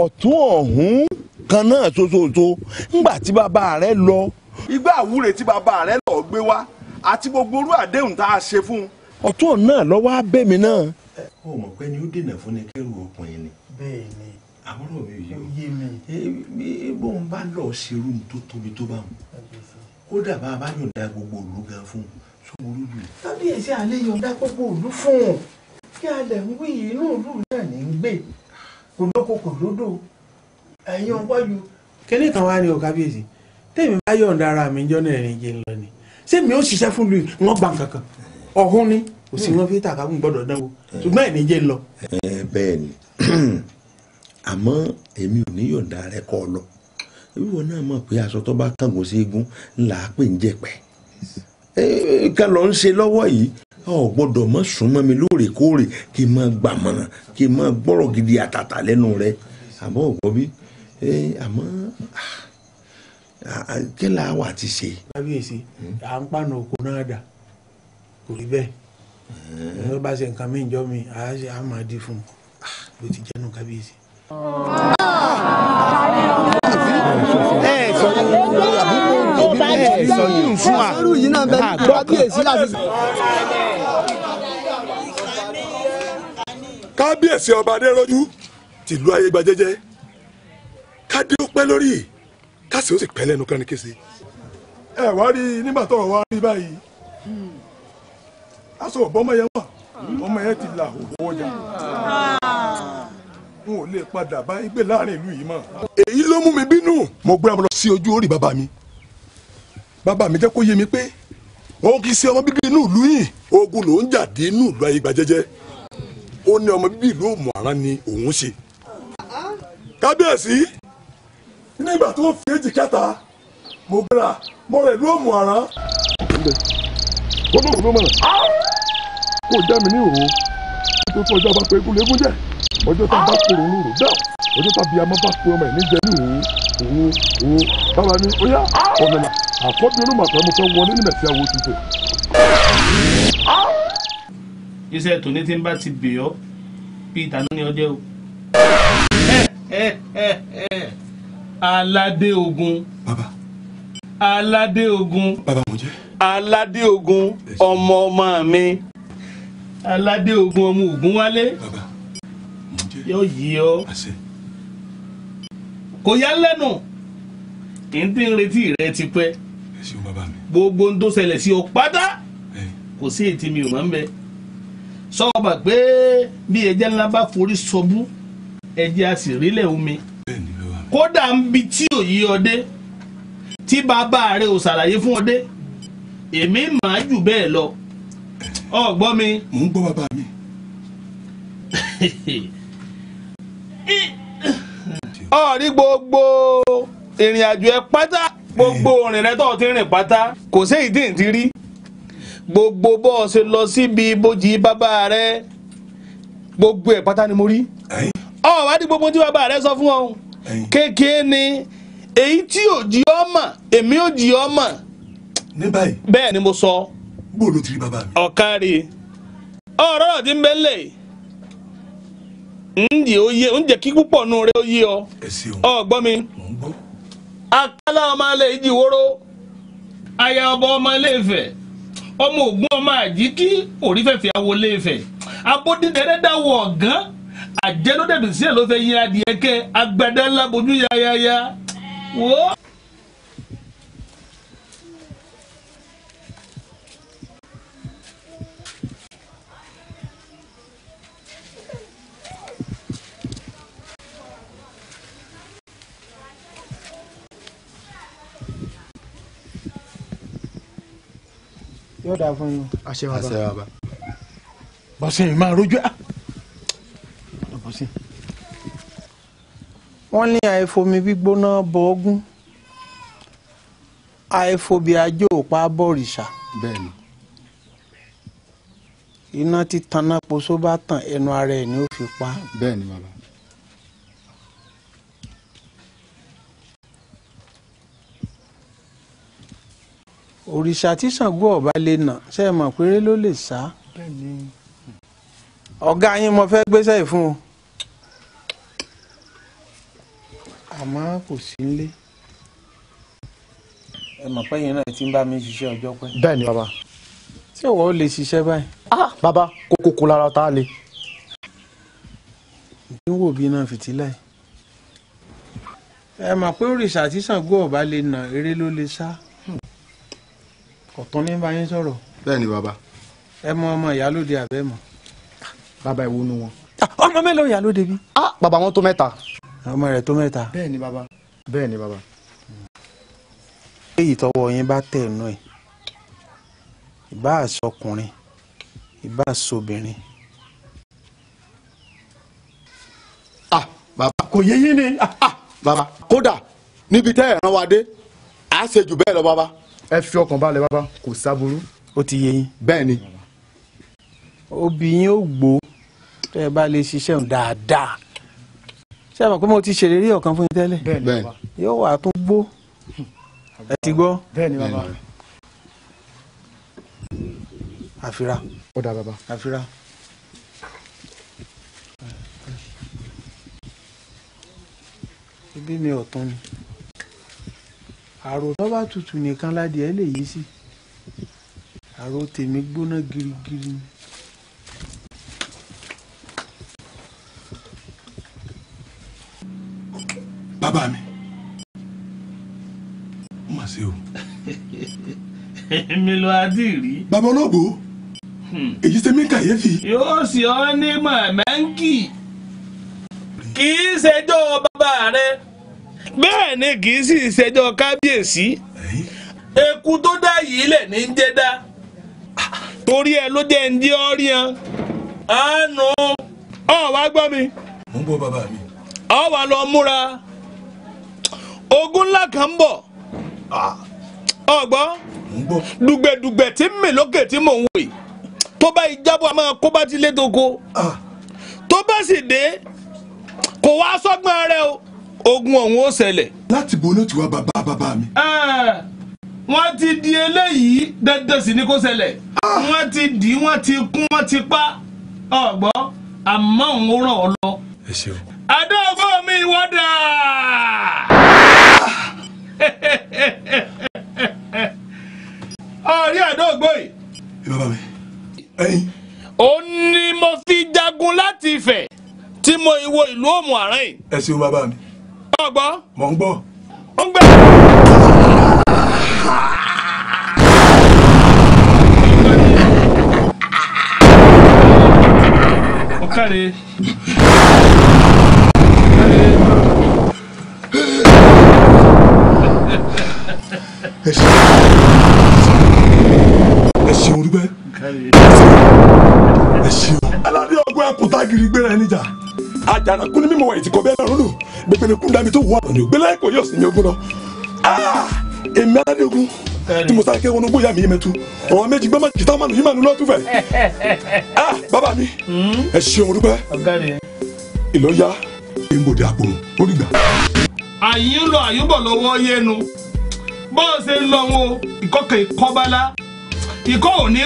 ọ̀tún ọ̀hún kan náà ṣoṣooṣo ńgbà tí bàbá rẹ̀ lọ. ìgbà àwúre tí bàbá rẹ̀ lọ gbé wá àti gbogbo orú àdéhùn tá a ṣe fún un. ọ̀tún náà lọ́wọ́ á bẹ̀ mí náà. ó mọ̀ pé ni ó dènà fún ni kẹ́rù ọkùnrin ni. bẹ́ẹ̀ ni àwọn ọ̀rọ̀ mi yé mi bóun bá lọ ṣe rúùmù tó tóbi tó bá wọn kódà bá bá yọ̀ǹda gbogbo òlu gan fún un sóhun olójú. kábíyèsí àlẹ́ yọ̀ǹda gbogbo òlu fún un kí alẹ̀ ń wí inú òlu náà ní ń gbé kò lóko kò lódò ẹ̀yin ọgbọ́yù. kẹ́lẹ́ kan wá ní o kábíyèsí tèmi bá yọ̀ǹda ara mi jọ́nà ẹ̀rín jẹ́ lọ ni ṣé mi ò ṣiṣẹ́ fún luis wọ́n gbà kankan ọ̀hún ni kò wọn hmm. fi tàkà fún gbọ́dọ̀ dánwò ṣùgbọ́n ẹ̀rín àmọ́ èmi ò ní yọ̀ǹda rẹ kọ́ ọ lọ wíwọ náà mọ̀ pé aṣọ tó bá kángun sí eégún ńlá pè ń jẹ̀pẹ̀ ká lọ ń ṣe lọ́wọ́ yìí ọ gbọ́dọ̀ mọ́ súnmọ́ mi lóòrèkóòrè kí n máa gbàmọ̀ràn kí n máa gbọ́rọ̀ gidi àtàtà lẹ́nu rẹ àmọ́ ọ̀gbọ́ bí àmọ́ kí là wà ti ṣe. kábíyèsí à ń pàna oko náà dà kò rí bẹ́ẹ̀ ní bá ṣe nǹkan mí ìjọ mi àá máa di fún un ah, ló ti jẹ́nu kábíyèsí ẹ sọ yìí fún wa kábíyèsí láti. kábíyèsí ọba adéròjú tìlú ayé gba jẹ́jẹ́ kádé ó pẹ́ lórí kásì ó sì pẹ́ lẹ́nu kánú kése. ẹ wá rí i nígbà tó wá rí báyìí aṣọ ọ̀bọ ọmọ yẹn wà ọmọ yẹn ti là òwò ọjà n ò lè padà bá igbe láàrin ìlú yìí mọ́. èyí ló mú mi bínú. mo gbéra mo lọ sí ojú orí bàbá mi bàbá mi jẹ́ kó yé mi pé òun kì í ṣe ọmọ bíbí inú ìlú yìí ogun lòún jà dé inú ìlú ayégbà jẹ́jẹ́ ó ní ọmọ bíbí ìlú òmùaran ni òun ṣe. kábíyèsí nígbà tó fi èjì kẹta mo gbéra mo rẹ̀ ìlú òmùaran. kọ́nà òun ló mọ̀ràn kó já mi ní òun tó fọjá bá pé egun légún ọjọ́ tá a bá pèrò ní ìrò dáà ọjọ́ tá a bí a máa bá pe ọmọ ẹ̀ ní òwò òwò òwò báwa ni ó yá ọ̀nà là àkọ́bí olùmọ̀tọ́ mo fẹ́ wọlé nílẹ̀ tí a wo tuntun. iṣẹ́ tòní tí ń bá ti bè bíi ìtàná ni ọjọ́ o. aládé ogun. bàbá. aládé ogun. bàbá mo jẹ́. aládé ogun ọmọ ọmọ mi aládé ogun ọmọ ogun wálé. bàbá yóò yí ọ kò yá lẹ́nu kì í dín retí rẹ ti pẹ́ gbogbo ń tó ṣẹlẹ̀ sí ọ pátá kò sí ètí mi ò máa ń bẹ sọ́ọ̀bà pé bí ẹja ńlá bá forí sọbú ẹja sì rílẹ̀ omi kódà ń bi tí ò yí ọ dé tí bàbá rẹ ò ṣàlàyé fún ọ dé èmi màá jù bẹ́ẹ̀ lọ ọ gbọ́ mi. mò ń gbọ́ bàbá mi. ọ̀rí gbogbo ìrìn àjò ẹ pátá gbogbo òrìn rẹ tó ti rìn pátá kò sí ìdí ìdí rí gbogbo bó o ṣe lọ síbi ibojì bàbá rẹ gbogbo ẹ pátá ni mo rí ọ di dí gbogbo tí bàbá rẹ sọ fún ọ kékeré ni èyí tí ò jí ọ mọ̀ èmi ò jí ọ mọ̀ bẹ́ẹ̀ ni mo sọ bó ti rí bàbá mi ọ̀kan rí ọ̀rọ̀ ti ń bẹ́ẹ̀ lẹ́yìn. ndi oye ǹjẹ́ kí púpọ̀ nù rẹ oyè ọ ọgbọ́n mi akálá ọmọ alẹ́ ìjìwòrò aya ọba ọmọ ilé Ifẹ̀ ọmọ Ògún ọmọ àjíkí òrífẹ̀fẹ̀ awolé Ifẹ̀ abódídẹrẹ́ dáwọ̀ ọ̀gán àjẹlódẹ̀bìsí ẹ̀ ló fẹ́ yin adìẹ kẹ́ agbẹ́dẹ́ ńlá yayaya yóò dáa fún yín. àṣẹ bàbá àṣẹ bàbá. bọ́sẹ̀ mi máa rojú ah! ẹ̀. wọ́n ní àìfomi gbígbóná bọ ogún àìfobi ajé òpá bọ̀rìṣà. bẹ́ẹ̀ni. iná títaná poṣó bá tàn ẹnu ara ẹ̀ ni ó fi pa. òrìṣà tí Ṣàngó ọba lè nà ṣe é mọ̀ péré ló lè sá ọ̀gá yín mo fẹ́ gbéṣẹ́ ìfún o àmọ́ kò sí nílé ẹ mọ̀ pé yẹn náà ti ń bá mi ṣiṣẹ́ ọjọ́ pẹ́. bẹ́ẹ̀ ni bàbá. ṣé ìwọ ò lè ṣiṣẹ́ báyìí. Ah! bàbá kókókó lára tá a lè. ìdínwó bíi náà fìtílà yìí. ẹ mọ̀ pé òrìṣà tí Ṣàngó ọba lè nà eré ló lè sá ọ̀tún ní bá yín sọ̀rọ̀. bẹ́ẹ̀ ni bàbá. ẹ mọ ọmọ ìyálóde àbẹ́ mọ. bàbá ìwo nu wọn. Ah, ọmọ mélòó ìyálóde bí. ah baba wọn tó mẹ́ta. ọmọ rẹ̀ tó mẹ́ta. bẹ́ẹ̀ baba bàbá. bẹ́ẹ̀ ni bàbá. èyí tọ́wọ́ yín bá tẹ̀ nù ẹ̀ ìbá àṣọkùnrin ìbá àṣọbìnrin. ah baba kò yé ni ah, ah baba kódà níbi tẹ́ ẹ̀ rán wa dé àá ṣe jù bẹ́ẹ̀ lọ bàbá ẹ fi ọkàn balẹ̀ bàbá kò sábúrú. ó ti yé yín. bẹ́ẹ̀ ni. obìnrin ò gbó tẹ́ ẹ bá lè ṣiṣẹ́ òun dáadáa ṣé àmọ̀ pé mo ti ṣèlérí ọ̀kan fún yín tẹ́lẹ̀ yóò wà tó gbó ẹ ti gbọ́. bẹ́ẹ̀ni bàbá. àfira. ó dà bàbá. àfira. ibi mi ò tán ni àrò tó bá tutù nìkan ládìẹ lè yí sí àrò tèmi gbóná girigiri ni. bàbá mi ó mà ṣe o. èmi ló adì rí. bàbá olóògbé hmm. èyí ṣe mí kàyéfì. yóò sì ọ ní mọ̀mẹ́ńkì kì í ṣe jó bàbá rẹ. bẹ́ẹ̀ ni kì í sì ṣẹjọ́ kábíyèsí eku tó dá yìí lẹ̀ ní jẹ́dá torí ẹ ló jẹ́ ń jẹ́ ọ́ríyan àánú ọ̀ wá gbọ́ mi. mo ọ̀ wá lọ múra ogun ńlá kan ń bọ̀ ọ̀gbọ́n dùgbẹ̀dùgbẹ̀ tí ń mì lókè tí mò ń wè tó bá ìjábọ̀ a máa kó bá ti lé toko tó bá sì dé kò wá sọ́gbọ́n rẹ o. Ah ogun ọ̀hún ó ṣẹlẹ̀. láti bo ló ti wá bàbá bàbá mi. Ah, wọ́n ti di eléyìí dandan sì ni kó ṣẹlẹ̀ ah. wọ́n ti dì wọ́n ti kún wọ́n ti pa ọ̀gbọ́ àmọ́ òun ó ràn ọ́ lọ. ẹ mi wọ́dà. Ah. ọ̀rí àdógbò yìí. ẹ bàbá mi. ẹyin. ó ní mo fi jagun láti Ifẹ̀ tí mo ìwo ìlú òmù yìí. ẹ ṣeun bàbá mi gbọ́. mò ń gbọ́. ó ń gbẹ. ó kàre. ẹ ṣeun dúpẹ́ ẹ ṣeun aládé ọgbọ́n ẹ̀kúta gírí gbéra ẹni jà. àjànàkú ní mímọ̀ ẹ̀tì kò bẹ́ẹ̀ lọ́rùn nù gbẹgbẹ̀rẹ̀kú dàbí tó wù àná ni ògbélẹ̀ kò yóò sì ní ogun lọ. Ah, èmi aládégun tí mo sáré wọn gbóyà mi mẹ́tu ọ̀rọ̀ méjì gbọ́mọ̀ jìtá ọmọ nìyí mànú lọ́tún fẹ̀. Ah, bàbá mi hmm? ẹ ṣeun dúpẹ́ ìlọ́yà ìmọ̀dé àpòrò ó dìgbà. àyín lọ àyúbọ̀ lọ́wọ́ yẹnu ṣe ń lọ ìkọ́kẹ́ ìkọ́bálá ìkọ́ òní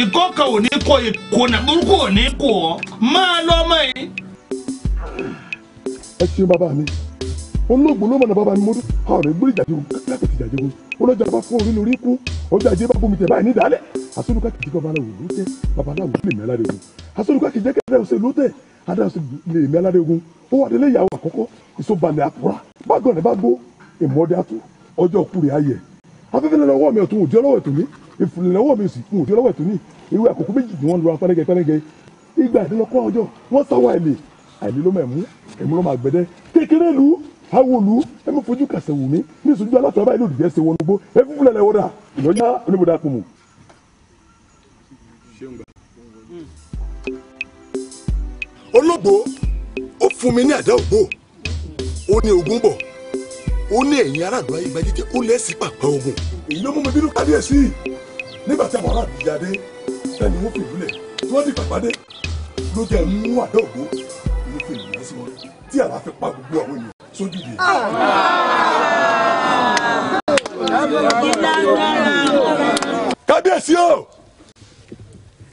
ìkó kan ò ní kó ìkónà burúkú ò ní kó ọ máa lọ ọmọ yìí. ẹ ṣeun bàbá mi olóògùn ló mọ̀nà bàbá mi mo dún ọ̀rẹ́ gbórí ìjàjẹun lákàtì ìjàjẹun olójà bá fún orí lórí kú ọjà ajé bá bomi tẹ̀ báyìí nídàálẹ̀ asọ́nùkà kìí jẹ́ babaláwo ló tẹ́ babaláwo lè mẹ́ aládé ogun asọ́nùkà kìí jẹ́ kẹ́kẹ́ ọ̀sẹ̀ ló tẹ́ adáṣe lè mẹ́ aládé ogun ó wà délé ìyàwó àkọ́kọ́ ìsọ̀balẹ̀ àkùrà bágọ̀nẹ̀ bá gbó ìmọ̀ọ́dẹ́ àtò ọjọ́ kúrẹ́ ayẹ̀ afẹ́fẹ́ lọ́wọ́ mi ọ̀tún òjò ọlọ́wọ́ ètò mi ìfúnlẹ̀wọ̀ mi sì fún òdiwọ́lọ́wọ́ ètò ní irú àkókò méjì ni wọ́n lura pẹ́rẹ́gẹ́ pẹ́rẹ́gẹ́ ìgbà ìdánilọ́kọ́ ọjọ́ wọ́n sáwọ́ àìlè àìlè ló mẹ̀mú ẹ̀mú ló máa gbẹ̀dẹ́ kékeré lu awolu ẹ̀mú fojú kàṣẹ wù mí ní ìṣojú alátọ̀ báyìí lòdì jẹ́ ṣe wọn gbó ẹ̀fúnfúnlẹ̀ lẹ́wọ́ dà ìlọ́jà onímọ̀dà kùmù. olóògbó ó fún mi ní àdá ògbó ó ní ogun bọ̀ ó ní ẹ̀yìn aráàlú ayé gbajújẹ́ ó lẹ́sìn pàpà ogun. èyí ló mú mi bínú kábíyèsí nígbà tí àwọn ará àbújá dé bẹ́ẹ̀ ni wọ́n fi ìlúlẹ̀ tí wọ́n dìgbà pàdé ló jẹ́ mú àdá ògbó ló fi ìlú sí wọn tí àwa fi pa gbogbo àwọn ènìyàn sójú di. kábíyèsí o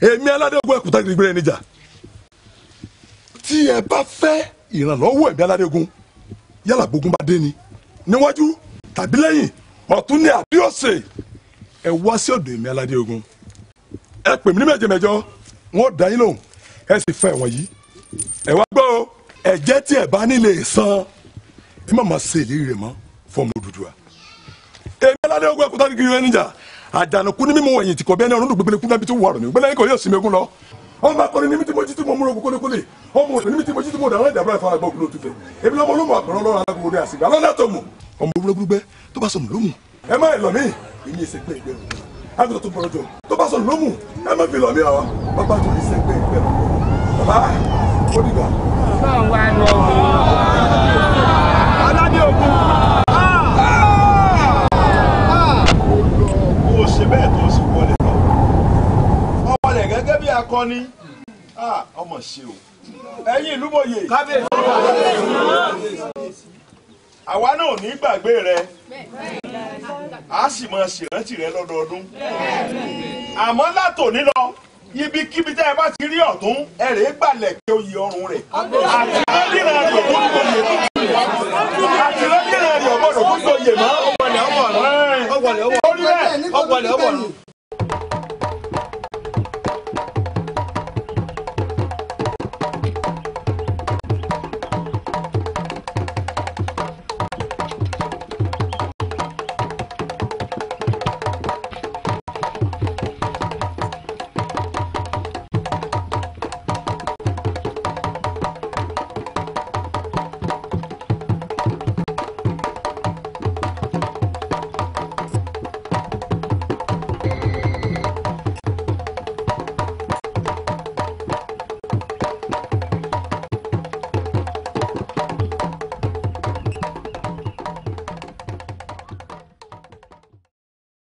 èmi aládégun ẹkùtà gidigbére níjà tí ẹ bá fẹ́ ìrànlọ́wọ́ ẹ̀mí aládégun yálà gbógun bá dé ni níwájú tàbí lẹ́yìn ọ̀tún ní àbí ọ̀sẹ̀ ẹ wá sí ọ̀dọ̀ èmi aládé ogun ẹ pè mí ní mẹ́jẹmẹ́jọ wọn dá yín lóhùn ẹ sì fẹ́ wọn yìí ẹ wá gbọ́ o ẹ̀jẹ̀ tí ẹ bá nílé san ẹ má má ṣe ìlérí rẹ̀ mọ́ fọmọ Odùduwà èmi aládé ogun ẹkùn tàbí kiri rẹ níjà àjànàkú ní mímú ẹ̀yìn tìkọ̀ bẹ́ẹ̀ ní ọ̀run dùgbẹ́lẹ́ kú nábì tó wà rọ̀ mí gbẹ́lẹ́ kò yóò sinmi ogun lọ ọmọ akọni ní mi tí mo jí tí mo múra ogun kólékólé ọmọ òsè ní mi tí mo jí tí mo dàrán ìdàbọ̀ ìfarabọ̀ ògùn lòtúfẹ̀ èmi lọ́mọ olómọ àgbọ̀nrán lọ́rọ̀ alágbòrò ní àsìgbà lọ́dà tó mọ̀ ọmọ ológun gbẹ tó bá sọnù ẹ má ẹ lọ mí èmi ẹsẹ gbẹ ìgbẹ òun àgùntàn tó bọrọ jọ tó bá sọ lómù ẹ má fi lọ mí àwọn bàbá tó ẹsẹ gbẹ ìgbẹ òun bàbá ó dìgbà. sọ̀rọ̀ wa lọ. aládé ogun. o ṣe bẹ́ẹ̀ tó ṣe wọlé lọ. ọmọdé gẹ́gẹ́ bí akọni ah, ọmọ ṣe o ẹ̀yin ìlú mòye. kábíyèsí àwa náà ò ní gbàgbé rẹ a sì máa ṣèrántí rẹ lọ́dọọdún àmọ́ látòní lọ ibikíbi tẹ́ ẹ bá ti rí ọ̀tún ẹ rèé gbalẹ̀ kí o yí ọrùn rẹ̀ àti lọ́dínà rẹ̀ ògbódò yè mọ́ àti lọ́dínà rẹ̀ ògbódò yè mọ́ ọgbọ̀nì ọgbọ̀nì ọgbọ̀nì ọgbọ̀nì ọgbọ̀nì ọgbọ̀nì.